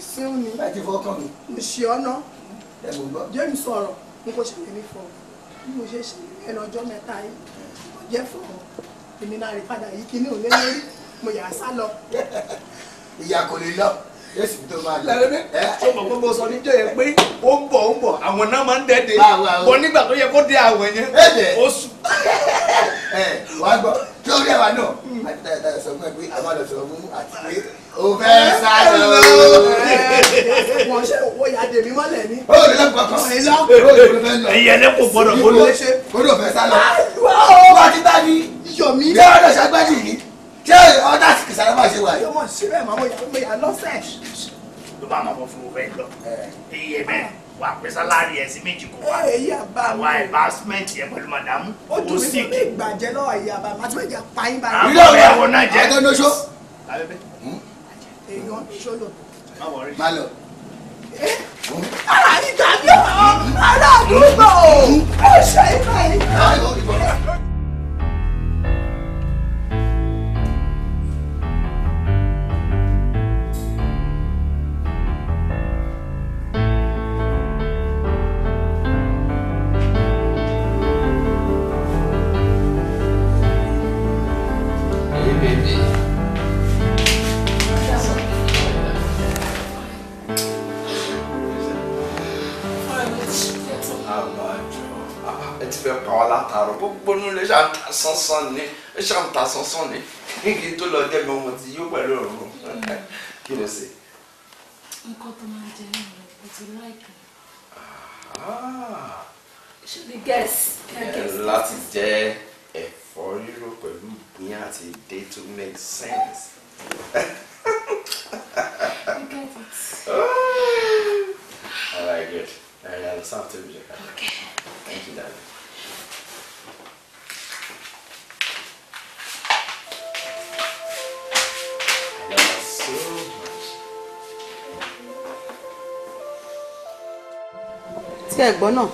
[SPEAKER 7] sí ó ní. ẹ ti fọkàn mi. mo ṣe ọ́nà james ọ̀rọ̀ n kò ṣèlérí fún ọ bí mo ṣe ṣe ẹnu ọjọ́ mẹ́ta yìí mo jẹ́ fún èmi náà rí padà yìí kí ní òun lélẹ́rí mo yà á sá lọ. *laughs*
[SPEAKER 10] ìyá
[SPEAKER 8] kò lè lọ yéèsì tó máa lọ. lẹ́rẹ́dẹ́ tó mọ̀ pé mo sọ níjọ́ yẹn pé ó ń bọ̀ ó ń bọ̀ àwọn náà máa ń dẹ́dẹ́ bọ̀ nígbà tó yẹ kó dé àwẹ̀ yẹn ó sùn. *laughs* ẹ
[SPEAKER 10] wàá gbọ́ kí ó rí àwa náà àti táyà fún ẹ pé àwa lọ sọ fún àti pé o fẹ́
[SPEAKER 7] sáré o. wọ́n ṣe wọ́n yà dèmí o lè lọ o lè lọ fẹ́ lọ. ẹ̀yẹ lẹ kò gbọdọ̀ o lè fẹ́ o. wọ́n ti bá ní. yọ̀mí.
[SPEAKER 10] bí ọ̀dọ̀ ṣàgbẹ́jì yìí ṣé ọ̀dà sì kìsàrà máa ṣe
[SPEAKER 8] wà yìí. yọmọ ṣe bẹ́ẹ̀ màmú yà yà lọ́sẹ̀. ló bá mọ̀ fún un bẹ́ẹ̀ lọ. iye bẹ́ẹ̀ wà pẹ́ sálárì ẹ̀ sí méjì kò wá. mi. àwọn embarrassment yẹn pẹ̀lú màdàmú. ó dùn mí pé ìgbàjẹ́ náà ìyàbá màtí wọ́n jà
[SPEAKER 7] pa yín báyìí. àwọn èèyàn ṣọlọ. má lọ. Eh? ara ìtàgé ọ̀
[SPEAKER 4] ara àdúgbò ó ṣe é báyìí.
[SPEAKER 1] sánsán ni ó ṣàǹtà sánsán ni kí n tó lọ jẹ́ mi ọmọ tí yóò pẹ̀lú òórùn kí ló ṣe.
[SPEAKER 2] nǹkan tó máa jẹ náà rẹ kò ti láìpẹ́.
[SPEAKER 9] ṣé the guest can láti jẹ ẹ̀fọ́
[SPEAKER 7] rírò pẹ̀lú ìpín àti èdè tó make sense. you get it. Oh. All right, good.
[SPEAKER 8] Okay. Thank you, darling.
[SPEAKER 2] sí ẹ̀gbọ́n náà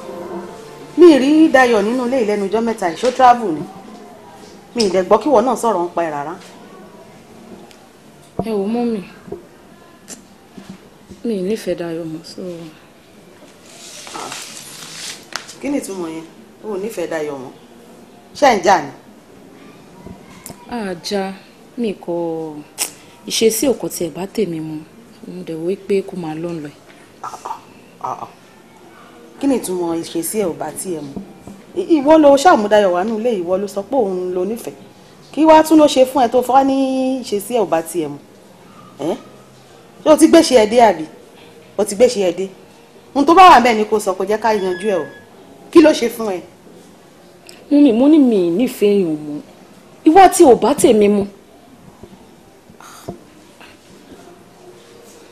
[SPEAKER 2] mi ì rí Dayọ̀ nínú ilé ìlẹ́nu ọjọ́ mẹ́ta ìṣó travel ni mi ì dẹ̀ gbọ́ kíwọ náà sọ̀rọ̀ ń pa ẹ̀ rárá. ẹ wò mọ́ mi mi ì nífẹ̀ẹ́ Dayọ̀ mọ́ so. Ah. kí ni ìtumọ̀ yẹn o ò nífẹ̀ẹ́ Dayọ̀ mọ́ ṣé ń jà ni. àjà mi kò ìṣesí òkò tiẹ̀ bá tèmi mu mo dẹ̀ wí pé kó máa lọ́nlọ́ ẹ̀.
[SPEAKER 9] Ah, ah,
[SPEAKER 2] kí ni ìtumọ̀ ìṣesí ẹ̀ ò bá tiẹ̀ mu ìwọ ló ṣàmúdayọ̀ wà nù ilé ìwọ ló sọ pé òun ló nífẹ̀ẹ́ kí wàá tún ló ṣe fún ẹ tó fọ́ ní ìṣesí ẹ̀ ò bá tiẹ̀ mu ẹ́ ṣé o ti gbéṣe ẹ dé àbí o ti gbéṣe ẹ dé ohun tó bá wà bẹ́ẹ̀ ni kò sọ kò jẹ́ ká yanjú ẹ o kí ló ṣe fún ẹ. mo ní mo ní mi nífẹ̀ẹ́ èèyàn mu ìwà tí ò bá tèmi mu.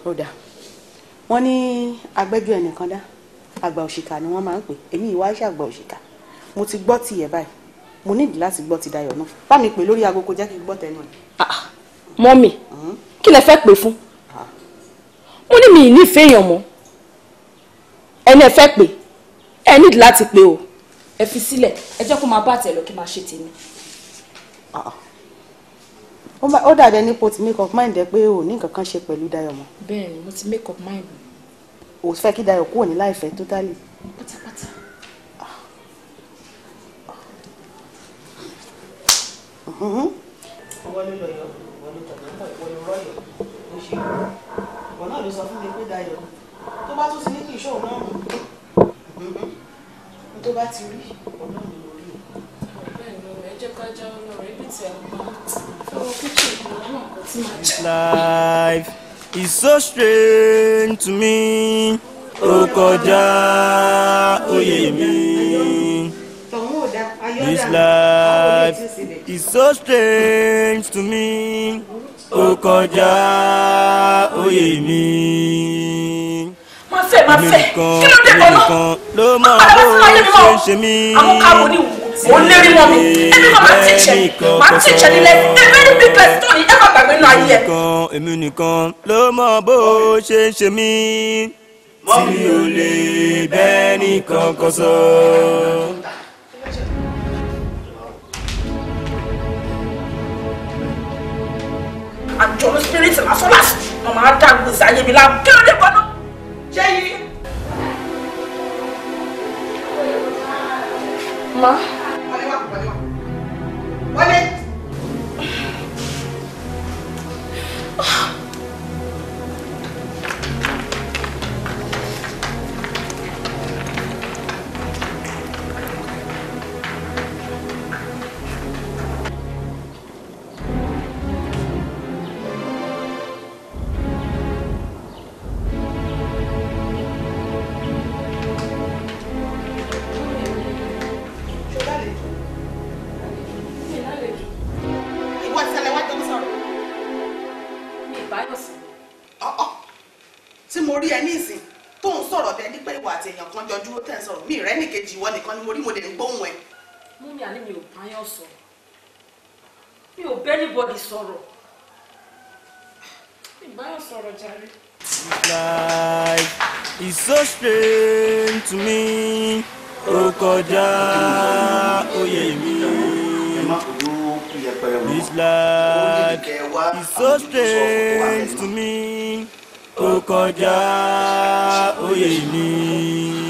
[SPEAKER 2] ó dà wọ́n ní agbẹ́jọ́ ẹnìkan dá àgbà òṣìkà ni wọ́n máa ń pè èmi ìwà iṣẹ́ àgbà òṣìkà mo ti gbọ́ tiẹ̀ báyìí mo nídìí láti gbọ́ ti Dayọ̀ náà bá mi pè lórí agogo jẹ́ kí n gbọ́ tẹnu ẹ̀. Ah, mọ́mì hmm? kí lẹ fẹ́ pè fún ah. mo ní mi ìnífẹ̀ẹ́ èèyàn mọ́ ẹni ẹ fẹ́ pè ẹ nídìí láti pè o ẹ fi sílẹ̀ ẹ jẹ́ kó máa bá àtẹ̀ lọ kí máa ṣe tèmi. Ah, ó dàbí ẹni pé o ti make up mind ẹ pé o ní nǹkan kan ṣe pẹ̀lú Dayọ̀ mọ́. bẹ́ẹ̀ mo ti make up mind mi o fẹ́ kí Dayọ̀ kúrò ní láìfẹ́ totally. pátápátá. ọwọ́ mm-hmm. ló lọ yọ ìwọ ló tọ̀nà tọ̀ ìwọ ló ló ṣe é ìwọ náà ló sọ fún mi pé Dayọ̀ tó bá tún ti ní kí ìṣòro náà mú mm-hmm. tó bá ti rí ìwọ náà ló rí o. bẹ́ẹ̀ ni ẹ jẹ́ ká jẹ́ ọlọ́run ibi tí a máa ń
[SPEAKER 5] fọwọ́ kíkì ìwọ náà kò tí máa jẹ́ is so strange to me ó kọjá òye mi.
[SPEAKER 2] This life
[SPEAKER 5] is so strange to me ó kọjá òye mi. Má fẹ́ má fẹ́ kí ló dé kọ́ náà? Má padà wá fún ayé mi mọ́. Àwọn kárò ni wò mo ń lérí mọ́ mi èmi kan máa ti jẹ máa ti jẹ nílẹ̀ èmi ní bí pẹ̀sítọ́
[SPEAKER 2] ni ẹ má gbàgbé nínú ayé ẹ.
[SPEAKER 5] èmi nìkan ló mọ bó ṣe ń ṣe mí tí o lè bẹ́ẹ̀ nìkan kan sọ.
[SPEAKER 2] àjọlù spirit máa dá gbèsè ayé mi láàbù kí ló dé bọ́nú. ṣé yìí. ma wọlé. jọ dúró tẹ̀ ń sọ̀rọ̀ mi rẹ́ nìkejì ìwọ nìkan ni mo rí mo dẹ̀ ń gbóhùn ẹ̀. mú àní mi ò báyọ̀ sọ̀rọ̀ mi ò bẹ́ẹ̀ níbọ̀dì sọ̀rọ̀ mi báyọ̀ sọ̀rọ̀ jàre.
[SPEAKER 5] life is so strange to me O kọjá òye mi. This life is so strange to me O kọjá òye mi.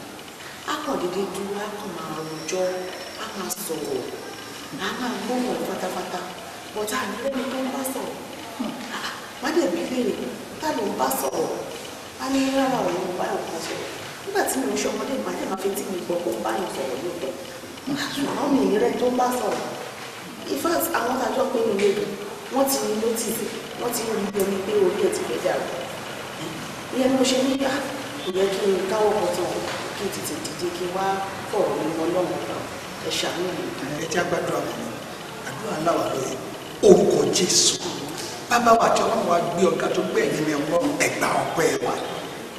[SPEAKER 2] kàn dédé dúró á kàn máa rojọ́ á máa sọ̀rọ̀ á máa gbóhùn fatafata bọ́tà ànílẹ́ni tó ń bá sọ̀rọ̀ má hmm. dẹ̀ bí léèrè tá ló ń bá sọ̀rọ̀ á ní rárá òun ò bá yàn kan sọ̀rọ̀ nígbà tí mo ń ṣọmọdé má dẹ̀ máa fi tí mi gbọ́ kó bá yàn sọ̀rọ̀ lóòótọ́ ṣùgbọ́n mi ìrẹ́ tó ń bá sọ̀rọ̀ in fact àwọn tájọ́ pé mi lébi wọ́n ti ní notice wọ́n ti rí omi pé orí ẹ̀ ti fẹ́ dàrú ìyẹn ni mo ṣe ní ìyá ah, kò yẹ kí n káwọ́ kan kí n tètè
[SPEAKER 1] dìde kí wá fọ̀rọ̀ ní ọlọ́run lọ ẹ ṣàánú mi. ẹ jẹ́ àgbàdo àwọn ọmọ àdúrà láwa lóye orúkọ jésù bàbá wa tí ọlọ́run wa gbé ọ̀gá tó gbé ẹ̀yìn mi ọgbọ́n ẹ̀gbà ọpẹ́ wa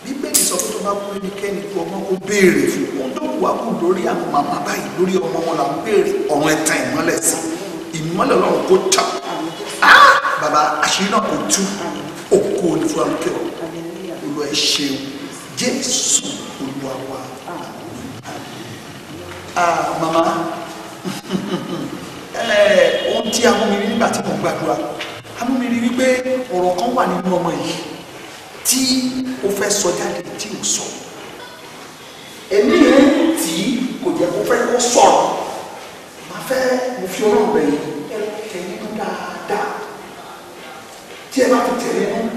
[SPEAKER 1] bíbélì sọ pé tó bá kú ẹnikẹ́ni kú ọmọ kó béèrè fún wọn lóòkù wa kù lórí àwọn màmá báyìí lórí ọmọ wọn là béèrè ọ̀run ẹ̀tàn ìmọ́lẹ̀ sí ìmọ́lẹ̀ ọlọ́run kó tàn ah! bàbá àṣírí náà kò tú òkú olùfúnra lókè ọ̀ olùwà ẹ̀ ṣeun jésù olúwa wa ah mama *laughs* ohun tí amúmiri nígbà tí mo gbàdúrà amúmiri wípé ọ̀rọ̀ kan wà nínú ọmọ yìí tí o fẹ́ sọ jáde tí o sọ èmi yẹn tí kò jẹ́ kó fẹ́ kó sọ̀rọ̀
[SPEAKER 7] má fẹ́ mo
[SPEAKER 1] fi ọlọ́run bẹ̀ yìí ẹ tẹ̀ nínú dáadáa tí ẹ bá ti tẹ̀ nínú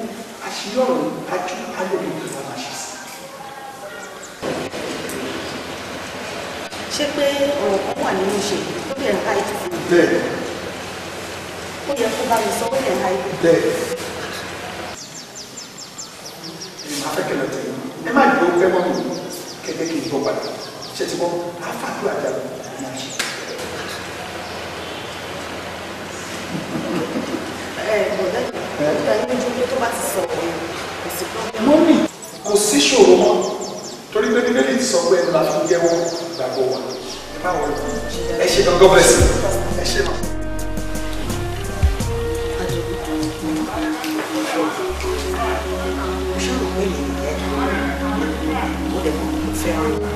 [SPEAKER 1] àṣírí ọ̀rọ̀ ayọ̀ ló ń ṣé pé ọ̀rọ̀ kan wà nínú ìṣèlú tó bẹ̀rẹ̀ ká ètò fún mi.
[SPEAKER 4] bẹ́ẹ̀
[SPEAKER 2] ó yẹ kó bá mi sọ ó yẹ ká ètò. bẹ́ẹ̀
[SPEAKER 9] ìmọ̀ afẹ́kẹ̀lẹ̀ ẹ má gbọ́ pẹ́ mọ́ mi
[SPEAKER 1] kẹ́kẹ́ kí n bọ́ padà
[SPEAKER 7] ṣe ti bọ́ àfàdúrà jáde máa ṣe.
[SPEAKER 1] ẹ bọ̀dẹ́ ó yẹ kí ojú tó bá ti sọ̀rọ̀ kò sí ṣòro mọ́ torí bẹ́ẹ̀ bíbélì ti sọ pé ẹnu la fi jẹ́wọ́ gbàgbọ́ wa ẹ má wọ ẹ ṣe gan gọ́bẹ̀rẹ̀ sí ẹ ṣe mọ. Thank you.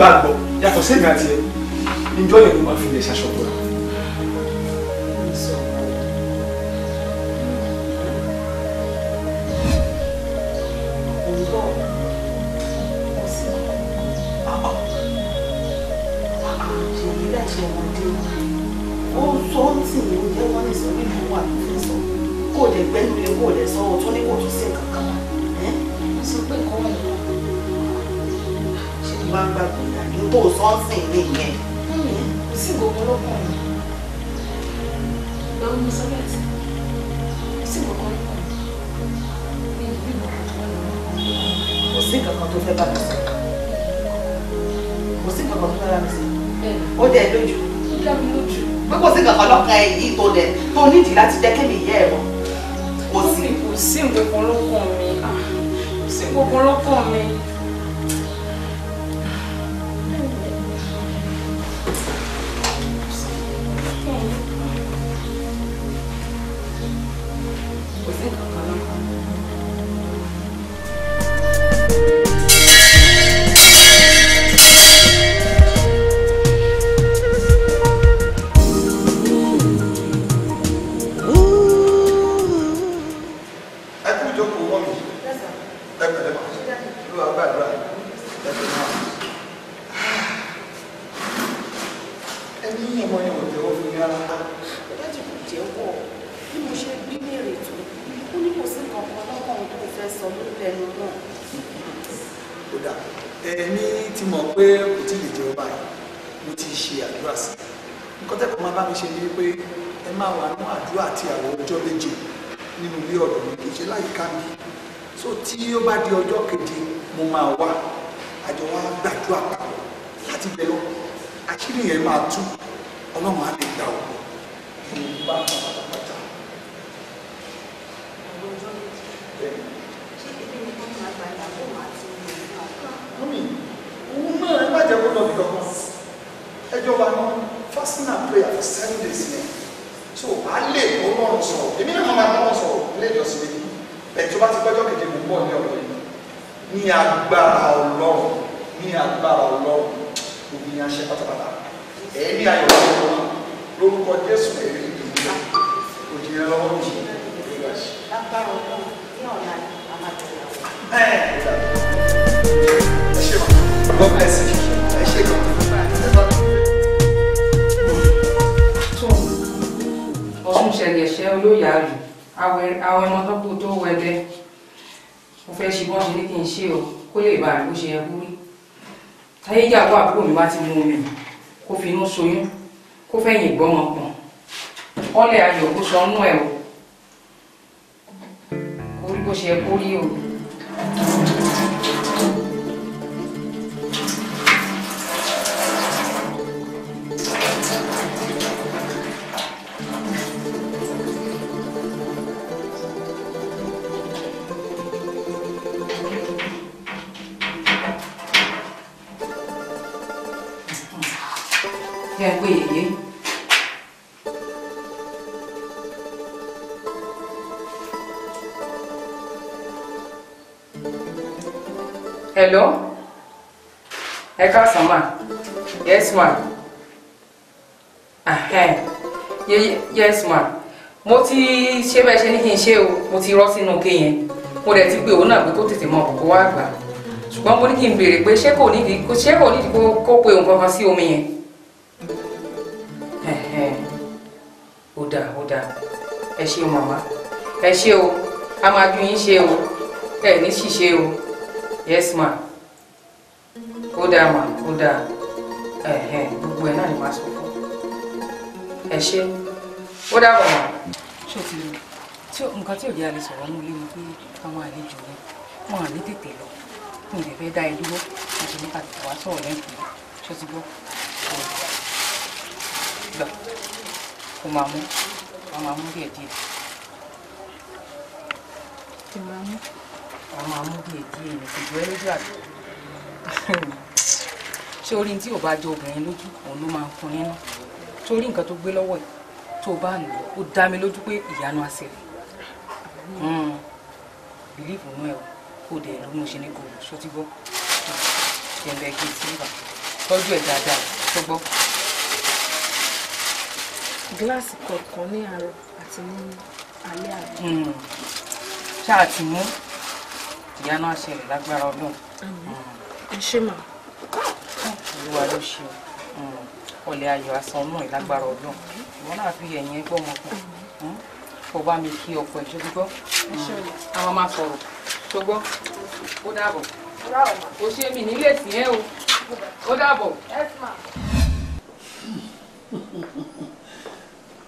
[SPEAKER 1] bá gbọ́
[SPEAKER 11] yàtọ̀ sí èmi àti
[SPEAKER 7] tó sọ́ọ̀sì ní ìyẹn.
[SPEAKER 2] kò sí gbogbo lọ́kàn mi lọ́wọ́ mi sọ́kẹ́ tí kò sí gbogbo lọ́kàn mi ní ìlú kò sí kankan tó fẹ́ bá mi sọ kò sí kankan tó fẹ́ bá mi sọ ó dẹ̀ lójú ó dá mi lójú pé kò sí kankan lọ́kàn ẹ̀ yìí tó dẹ̀ tó nídìí láti jẹ́ kémi ìyá ẹ̀ wọ̀ kò sí. kò sí gbogbo lọ́kàn mi ah,
[SPEAKER 9] kò sí gbogbo lọ́kàn mi.
[SPEAKER 1] God bless you. Ẹ ṣe gan.
[SPEAKER 9] Ọ̀sùn ṣẹ̀gẹ̀ṣẹ̀ àwọn ẹmọ tọ́kù tó wẹ̀dẹ̀. Mo fẹ́ ṣe ṣe ní kí n ṣe o, kó lè bàa bó ṣe yẹ kú rí. Táyé ìyàwó àbúrò mi bá ti mú omi, kó fi soyún, kó fẹ̀yìn ìgbọ́mọ pọ̀n. Ọlẹ̀ ayọ̀ kó sọ nú ẹ̀ o. Kó rí bó ṣe yẹ kó rí o. hello ẹ káàsán ma yes ma yes ma mo ti ṣe bẹ́ẹ̀ ṣe ní kí n ṣe o mo ti rọ́ sínú ike yẹn mo dẹ̀ ti pé òun náà pé kó tètè mọ kókó wá gbà ṣùgbọ́n mo ní kí n béèrè pé ṣé kò nídìí ṣé kò nídìí kó pe òun kankan sí omi yẹn ó dáa ó dáa ẹ ṣé o màmá ẹ ṣé o a máa ju yín ṣe o ẹ ní ṣìṣe o yes ma ó dáa ma ó Eh gbogbo ẹ̀ náà ni màá sọ fún ẹ ṣe ó dáa ma. ṣé o ti lọ tí nǹkan tí òde alẹ́ sọ̀rọ̀ mú lé mi pé àwọn àlejò rẹ wọn à ní tètè lọ kí n lè fẹ́ dá ẹ dúró àti nípa tètè wá sọ̀rọ̀ lẹ́yìn ṣé o ti gbọ́ gbà kó máa mú wọn máa mú díẹ̀ kò máa mú a máa mú bí èdè èèyàn kò jọ ẹ lójú àbí ṣé orí tí ò bá jọ obìnrin lójú òun ló máa ń fún nínú torí nǹkan tó gbé lọ́wọ́ yìí tó bá nù ó dá mi lójú pé ìyanu àṣẹlẹ̀ hmm. bìlíìfù nú ẹ o kò dẹ̀ ló mú ṣe ní gòlù ṣọtí gbọ́ jẹ̀ǹbẹ̀ kì í sí ibà tọ́jú ẹ̀ dáadáa tó gbọ́. gíláàsì kọ̀ọ̀kan ní àárọ̀ àti ní alẹ́ àná. Hmm. ṣáà ti mú ìyá náà ṣẹlẹ̀ lágbára ọdún. ẹ ṣe mà. olúwa ló ṣe o um, ọlẹ ayọ̀ asán náà ìlágbára ọdún ìwọ náà fi ẹ̀yìn ẹgbẹ́ ọmọ kan hmm? kò bá mi kí ọkọ ẹ̀ ṣojú gbọ́ àwọn máa sọ̀rọ̀ ṣogbọ́ ó dàbọ̀ kò ṣe mí nílé sí ẹ o ó dàbọ̀.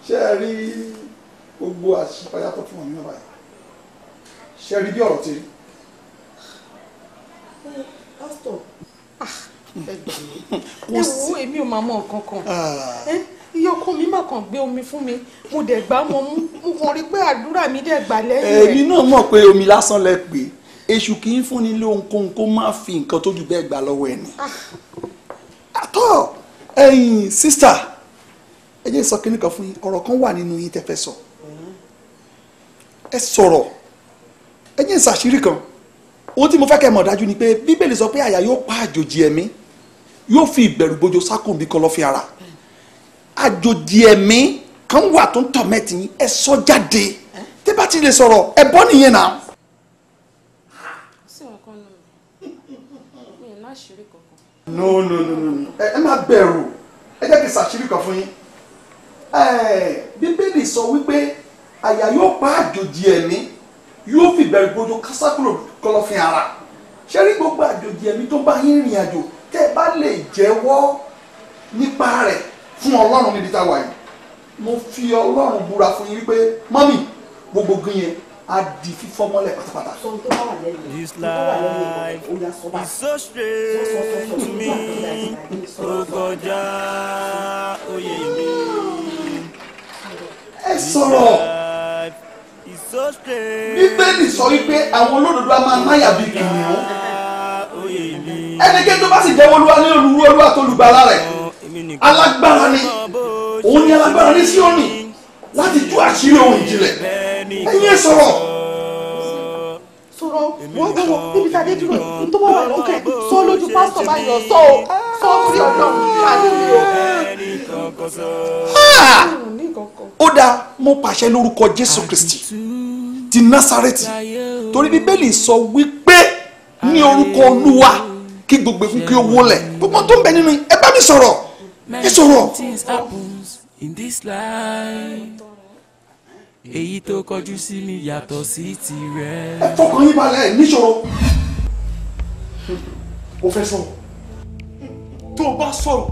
[SPEAKER 4] ṣé ẹ rí
[SPEAKER 1] gbogbo àṣìpayá tó fún ọ nínú báyìí rí bí ọ̀rọ̀ ti rí pásítọ̀ ah, ẹ gbà mí ẹ
[SPEAKER 2] wo èmi ò máa mọ nǹkan kan ah. iye ọkọ mi má kàn gbé omi fún mi mo dẹ̀ gbá mo mú mo kàn rí pé àdúrà mi dẹ̀ gbà lẹ́yìn rẹ̀. èmi
[SPEAKER 1] náà mọ̀ pé omi lásán lẹ pè èṣù kì í fún ni lé ohunkóhun kó má fi nǹkan tó ju bẹ́ẹ̀ gbà lọ́wọ́ ẹ̀ ni. Ah. àtọ ẹ̀yin sísà ẹ jẹ́ sọ kínní kan fún yín ọ̀rọ̀ kan wà nínú yín tẹ́ fẹ́ sọ mm-hmm. ẹ sọ̀rọ̀ ẹ jẹ́ ìsàṣírí kan ohun tí mo fẹ́ kẹ́ mọ̀ dájú ni pé bíbélì sọ pé àyà yóò pa àjòjì ẹ̀mí yóò fi ìbẹ̀rù bojo sákùn bí kọlọ́fín ara àjòjì ẹ̀mí kan wà tó ń tọ̀ mẹ́tì yín ẹ sọ jáde tí bá ti lè sọ̀rọ̀ ẹ bọ́ nìyẹn náà. no no no no ẹ má bẹ̀rù ẹ jẹ́ kí sàṣírí kan fún yín bíbélì sọ wípé àyà yóò pa àjòjì ẹ̀mí yóò fi bẹ̀rù bójú kásá kúrò ara ṣé rí gbogbo àjòjì ẹ̀mí tó bá yín rìn àjò tẹ́ ẹ bá lè jẹ́wọ́ nípa rẹ̀ fún ọlọ́run níbi tá yìí mo fi ọlọ́run búra fún yín wípé mọ́mì gbogbo gan yẹn á di fífọ́ mọ́lẹ̀ pátápátá. ẹ sọ̀rọ̀ bíbélì sọ wípé àwọn olódodo a máa náyà bí kìnìún ẹnikẹ́ni tó bá sì jẹ́wọ́ olúwa ní olúwa olúwa tó lùgbàlà rẹ̀ alágbára ni òun ni alágbára ní síọ́nì láti tú àṣírí ohun ìjìnlẹ̀
[SPEAKER 7] ẹ̀yin ẹ̀ sọ̀rọ̀ sọ̀rọ̀ wọ́n gbọ́ níbi tá a dé dúró yìí tó bá wà lókè sọ lójú pásítọ̀ báyọ̀ sọ o sọ sí ọ̀dọ̀ ìpàdé mi o. ó dáa mo
[SPEAKER 1] pàṣẹ lórúkọ Jésù Kristi ti Násárẹ́tì torí bíbélì sọ wípé ní orúkọ olúwa kí gbogbo egun kí ó wólẹ̀ gbogbo tó ń bẹ nínú ẹ bá mi sọ̀rọ̀ ẹ sọ̀rọ̀.
[SPEAKER 5] èyí tó kọjú sí mi yàtọ̀ sí tirẹ̀. ẹ fọkàn yín balẹ̀
[SPEAKER 1] níṣòro o fẹ́ sọ̀rọ̀ tó o bá sọ̀rọ̀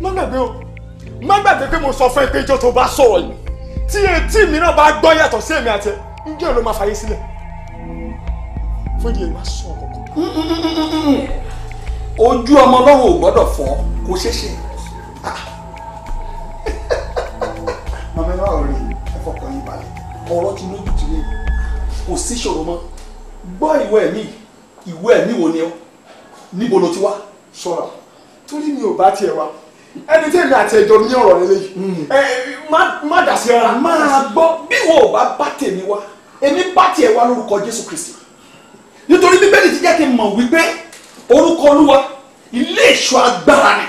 [SPEAKER 1] má gbàgbé o má gbàgbé pé mo sọ fún ẹ pé ìjọ tó o bá sọ̀rọ̀ yìí tí etí mi náà bá gbọ́ yàtọ̀ sí èmi àti ẹ njẹ́ ló máa fàyè sílẹ̀ fún ìdí èyí máa sọ ọ̀kọ̀ọ̀kan. ojú ọmọ lọ́wọ́ ò gbọ́dọ̀ fọ́ kó ṣeé ṣe. Ah. *laughs* màmá ẹ máa rí ẹ fọkàn yín balẹ̀ ọ̀rọ̀ ti lójú ti lé kò sí ìṣòro mọ́ gbọ́ ìwé ẹ̀mí ìwé ẹ̀mí wo ni ọ́ níbo ló ti wá ṣọ́ra torí mi ò bá tiẹ̀ wá ẹni tí èmi àti ẹjọ́ ní ọ̀rọ̀ lélẹ́yìí hmm. má dà sí ara. máa gbọ́ bí wo ò bá bá tèmi wá èmi bá tiẹ̀ wá lórúkọ Jésù Kristi nítorí bíbélì ti jẹ́ kí n mọ̀ wípé orúkọ Olúwa ilé ìṣọ́ agbára ni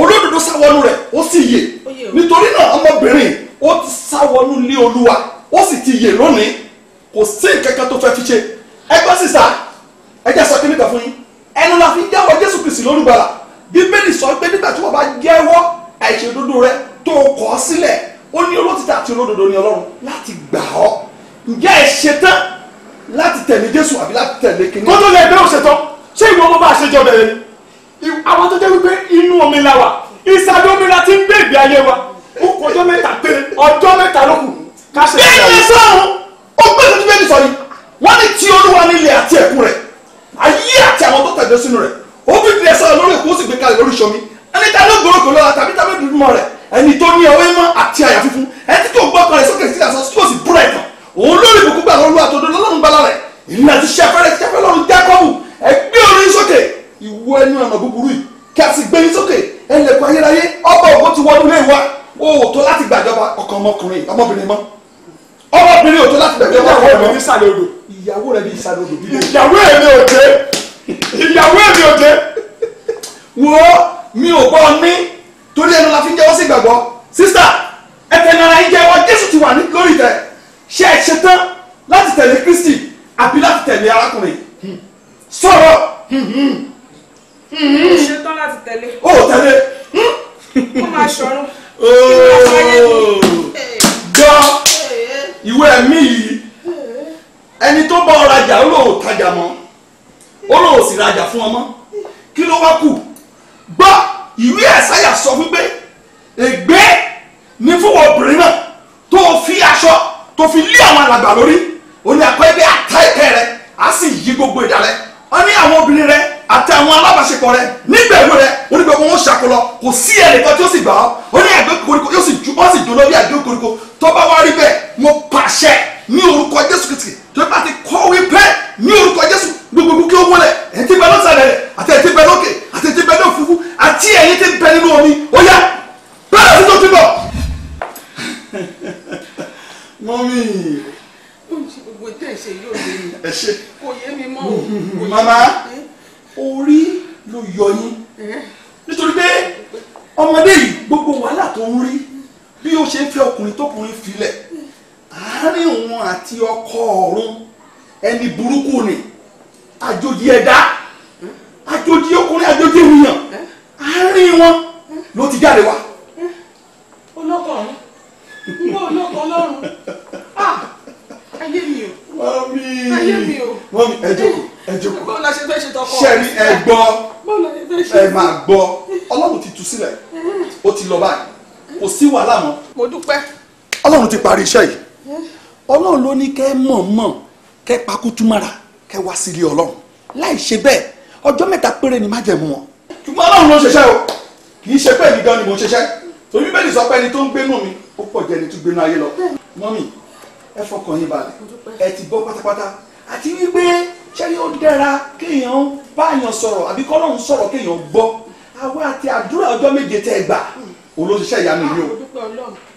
[SPEAKER 1] olódodo sáwọnú rẹ̀ ó sì yè nítorí náà ọmọbìnrin ó ti sáwọnú ilé Olúwa ó sì ti yè lónìí kò sí nǹkankan tó fẹ́ fi ṣe ẹgbẹ́ sísá ẹjẹ sọ kíníkà fún yín ẹnu la fi jẹ́wọ́ Jésù Kristi lórúbalà bíbélì sọ pé nígbà tí wọ́n bá jẹ́wọ́ àìṣèdodo rẹ tó kọ̀ ọ́ sílẹ̀ ó ní olótìtà àti olódodo ní Ọlọ́run láti gbà ọ́ ǹjẹ́ ẹ ṣetán láti tẹ̀lé jésù àbí láti tẹ̀lé kìnìún. kó tó lè bẹ́ẹ̀ ṣetán ṣé ìwọ ọmọ bá a ṣèjọ bẹ̀rẹ̀ ni àwọn tó jẹ́ wípé inú omi la wà ìsàlẹ̀ omi la ti ń gbé ìgbé ayé wa ó kọ ọjọ́ mẹ́ta péré ọjọ́ mẹ́ta ló kù ká ṣe ìgbé ayé. bẹ́ẹ̀ ni sọ́run ó gbé ìtọ́jú bẹ́ẹ̀ ni sọ yìí wọ́n ní ti olúwa nílé àti ẹ̀kú rẹ̀ ayé àti àwọn tó tẹ̀lé sínú rẹ̀ ó fi fi ẹ̀sọ́ lórí èkó ó sì gbé kalẹ̀ lórí ìṣomi ẹni tá ló gbòòrò kò lọ́la tàbí tá ló dùn mọ́ rẹ̀ ẹni tó ní ọwọ́ mọ́ àti àyà funfun ẹni tí gbọ́ kan rẹ̀ sókè sí àṣọ tí kò sì búrẹ̀ òun lórí ìbùkún gbà lọ́lú àtòdó lọ́lọ́run gbà lọ́rẹ̀ ìlànà ti ṣẹfẹ́rẹ́ ṣẹfẹ́ lọ́run jákọ́bù ẹgbẹ́ orin sókè ìwọ ẹnu ọ̀nà búburú yìí kí a sì gbé yín sókè ẹlẹ́kùn ayérayé ọba ògbó ti wọnú ilé wa o ò tó láti gbàjọba ọkàn ọmọkùnrin ọmọbìnrin mọ́ ọmọbìnrin ò tó láti gbàjọba ọkàn ọmọbìnrin ìsàlẹ̀ odò ìyàwó rẹ̀ bí ìsàlẹ̀ odò ìyàwó èmi ò dé ìyàwó èmi ò dé wo mi ò gbọ́ ní torí ẹnu la fi ń jẹ́wọ́ sí ìgbàgbọ́ sísá ẹ̀tẹ̀ nara ń jẹ́wọ́ Jésù ti wà lórí ìtẹ́ ṣé ẹ ṣetán láti tẹ̀lé Kristi àbí láti tẹ̀lé arákùnrin sọ̀rọ̀
[SPEAKER 2] ṣetán láti tẹ̀lé ó tẹ̀lé
[SPEAKER 1] ó máa ṣọ̀rọ̀ gbọ́ ìwé ẹ̀mí yìí ẹni tó bá ọ rajà ó lòó tajà mọ́ ó lòó sì rajà fún ọmọ kí ló wá kù gbọ́ ìwé ẹ̀sáyà sọ wípé ègbé ní fún obìnrin náà tó fi aṣọ tó fi lé àwọn alàgbà lórí ó ní akọ ẹgbẹ́ àtá ẹ̀kẹ́ rẹ á sì yí gbogbo ìdá rẹ ó ní àwọn obìnrin rẹ àti àwọn alábàṣepọ̀ rẹ nígbà èwe rẹ ó ní gbogbo wọn ṣàkólọ kò sí ẹnìkan tí ó sì gbà ọ́ ó ní àgbẹ̀ koríko yóò sì ju ó sì dùn lórí àgbẹ̀ koríko tó bá wá rí bẹ́ẹ̀ mo pàṣẹ ní orúkọ Jésù Kristi tó bá ti kọ́ wípé ní orúkọ Jésù gbogbo kí ó wọlé ẹ̀ ti bẹ lọ́sàlẹ̀ rẹ̀ àti ẹ̀ ti bẹ lókè àti ẹ̀ ti bẹ lófufu àti ẹ̀yin ti bẹ nínú omi ó yá bẹ́ẹ̀ lọ́sí tó ti bọ̀ mọ́mí. gbogbo tẹ̀ ṣe yóò yé mi kò yé mi mọ́ o. Mm-hmm. màmá orí ló yọ yín nítorí pé ọmọdé yìí gbogbo wàhálà tó ń rí bí ó ṣe ń fẹ́ ọkùnrin tókùnrin filẹ̀ àárín òun àti ọkọ ọ̀run ẹni burúkú ni àjòjì ẹ̀dá àjòjì ọkùnrin àjòjì ènìyàn àárín wọn ló ti jáde wá. olókọ̀ ọ̀run ìwọ olóko ọlọ́run ah! ayé mi o ayé mi o mọ́mí ẹ jókòó ẹ jókòó bọ́ọ̀lù àṣẹ fẹ́ ṣe tọkọ ṣẹ́ni ẹ gbọ́ ẹ máa gbọ́ ọlọ́run ti tú sílẹ̀ ó ti lọ báyìí kò sí wàhálà mọ́. mo dúpẹ́. ọlọ́run ti parí iṣẹ́ yìí ọlọ́run ló ní kẹ́ mọ̀ọ́mọ̀ kẹ́ pakutu mara kẹ́ wá sílé ọlọ́run láì ṣe bẹ́ẹ̀ ọjọ́ mẹ́ta péré ni májẹ̀mú wọn. ṣùgbọ́n ọlọ́run ló ń ṣiṣẹ́ o kì í ṣe pé èmi gan ni mo ń ṣiṣẹ́ torí bẹ́ẹ̀ ni sọ pé ẹni tó ń gbénú mi ó pọ̀ jẹ́ ẹni tó gbénú ayé lọ. mọ́mì ẹ fọkàn yín balẹ̀ ẹ ti bọ́ pátápátá àti wípé ṣẹ́ni ó dára kéèyàn báyàn sọ̀rọ̀ àbí kọ́lọ́hún sọ̀rọ̀ kéèyàn gbọ́ àwa àti àdúrà ọjọ́ méje tẹ́ gbà olóṣìṣẹ́ hmm. ìyanu yìí o ah,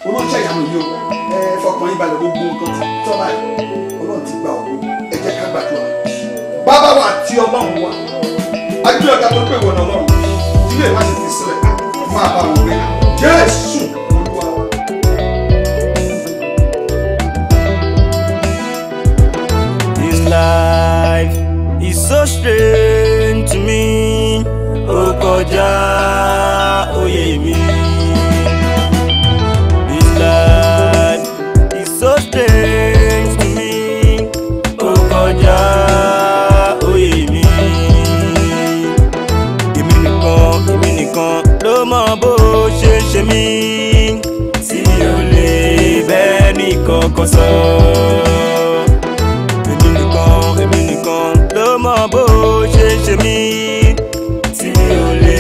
[SPEAKER 1] olóṣìṣẹ́ ìyanu yìí o ẹ fọkàn yín balẹ̀ gbogbo nǹkan ti tọ́ba ọlọ́run ti gba ògo ẹ jẹ́ ká gbàdúrà bàbá wa àti ọlọ́run wa àdúrà ká tó pè wọ́n ọlọ́run ilé ìwádìí ti sílẹ̀ máa bá wọn
[SPEAKER 5] so strange to me ó kọjá òye mi. This life is so strange to me ó kọjá òye mi. Èmi nìkan èmi nìkan ló mọ bó mi ò lè bẹ́ẹ̀ ní kankan sọ. mọ bó ṣe ṣe mí tí mi ò lè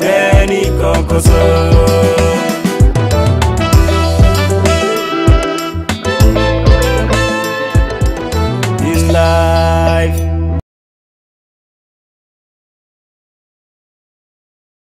[SPEAKER 5] bẹ́ẹ̀ ní kankan sọ.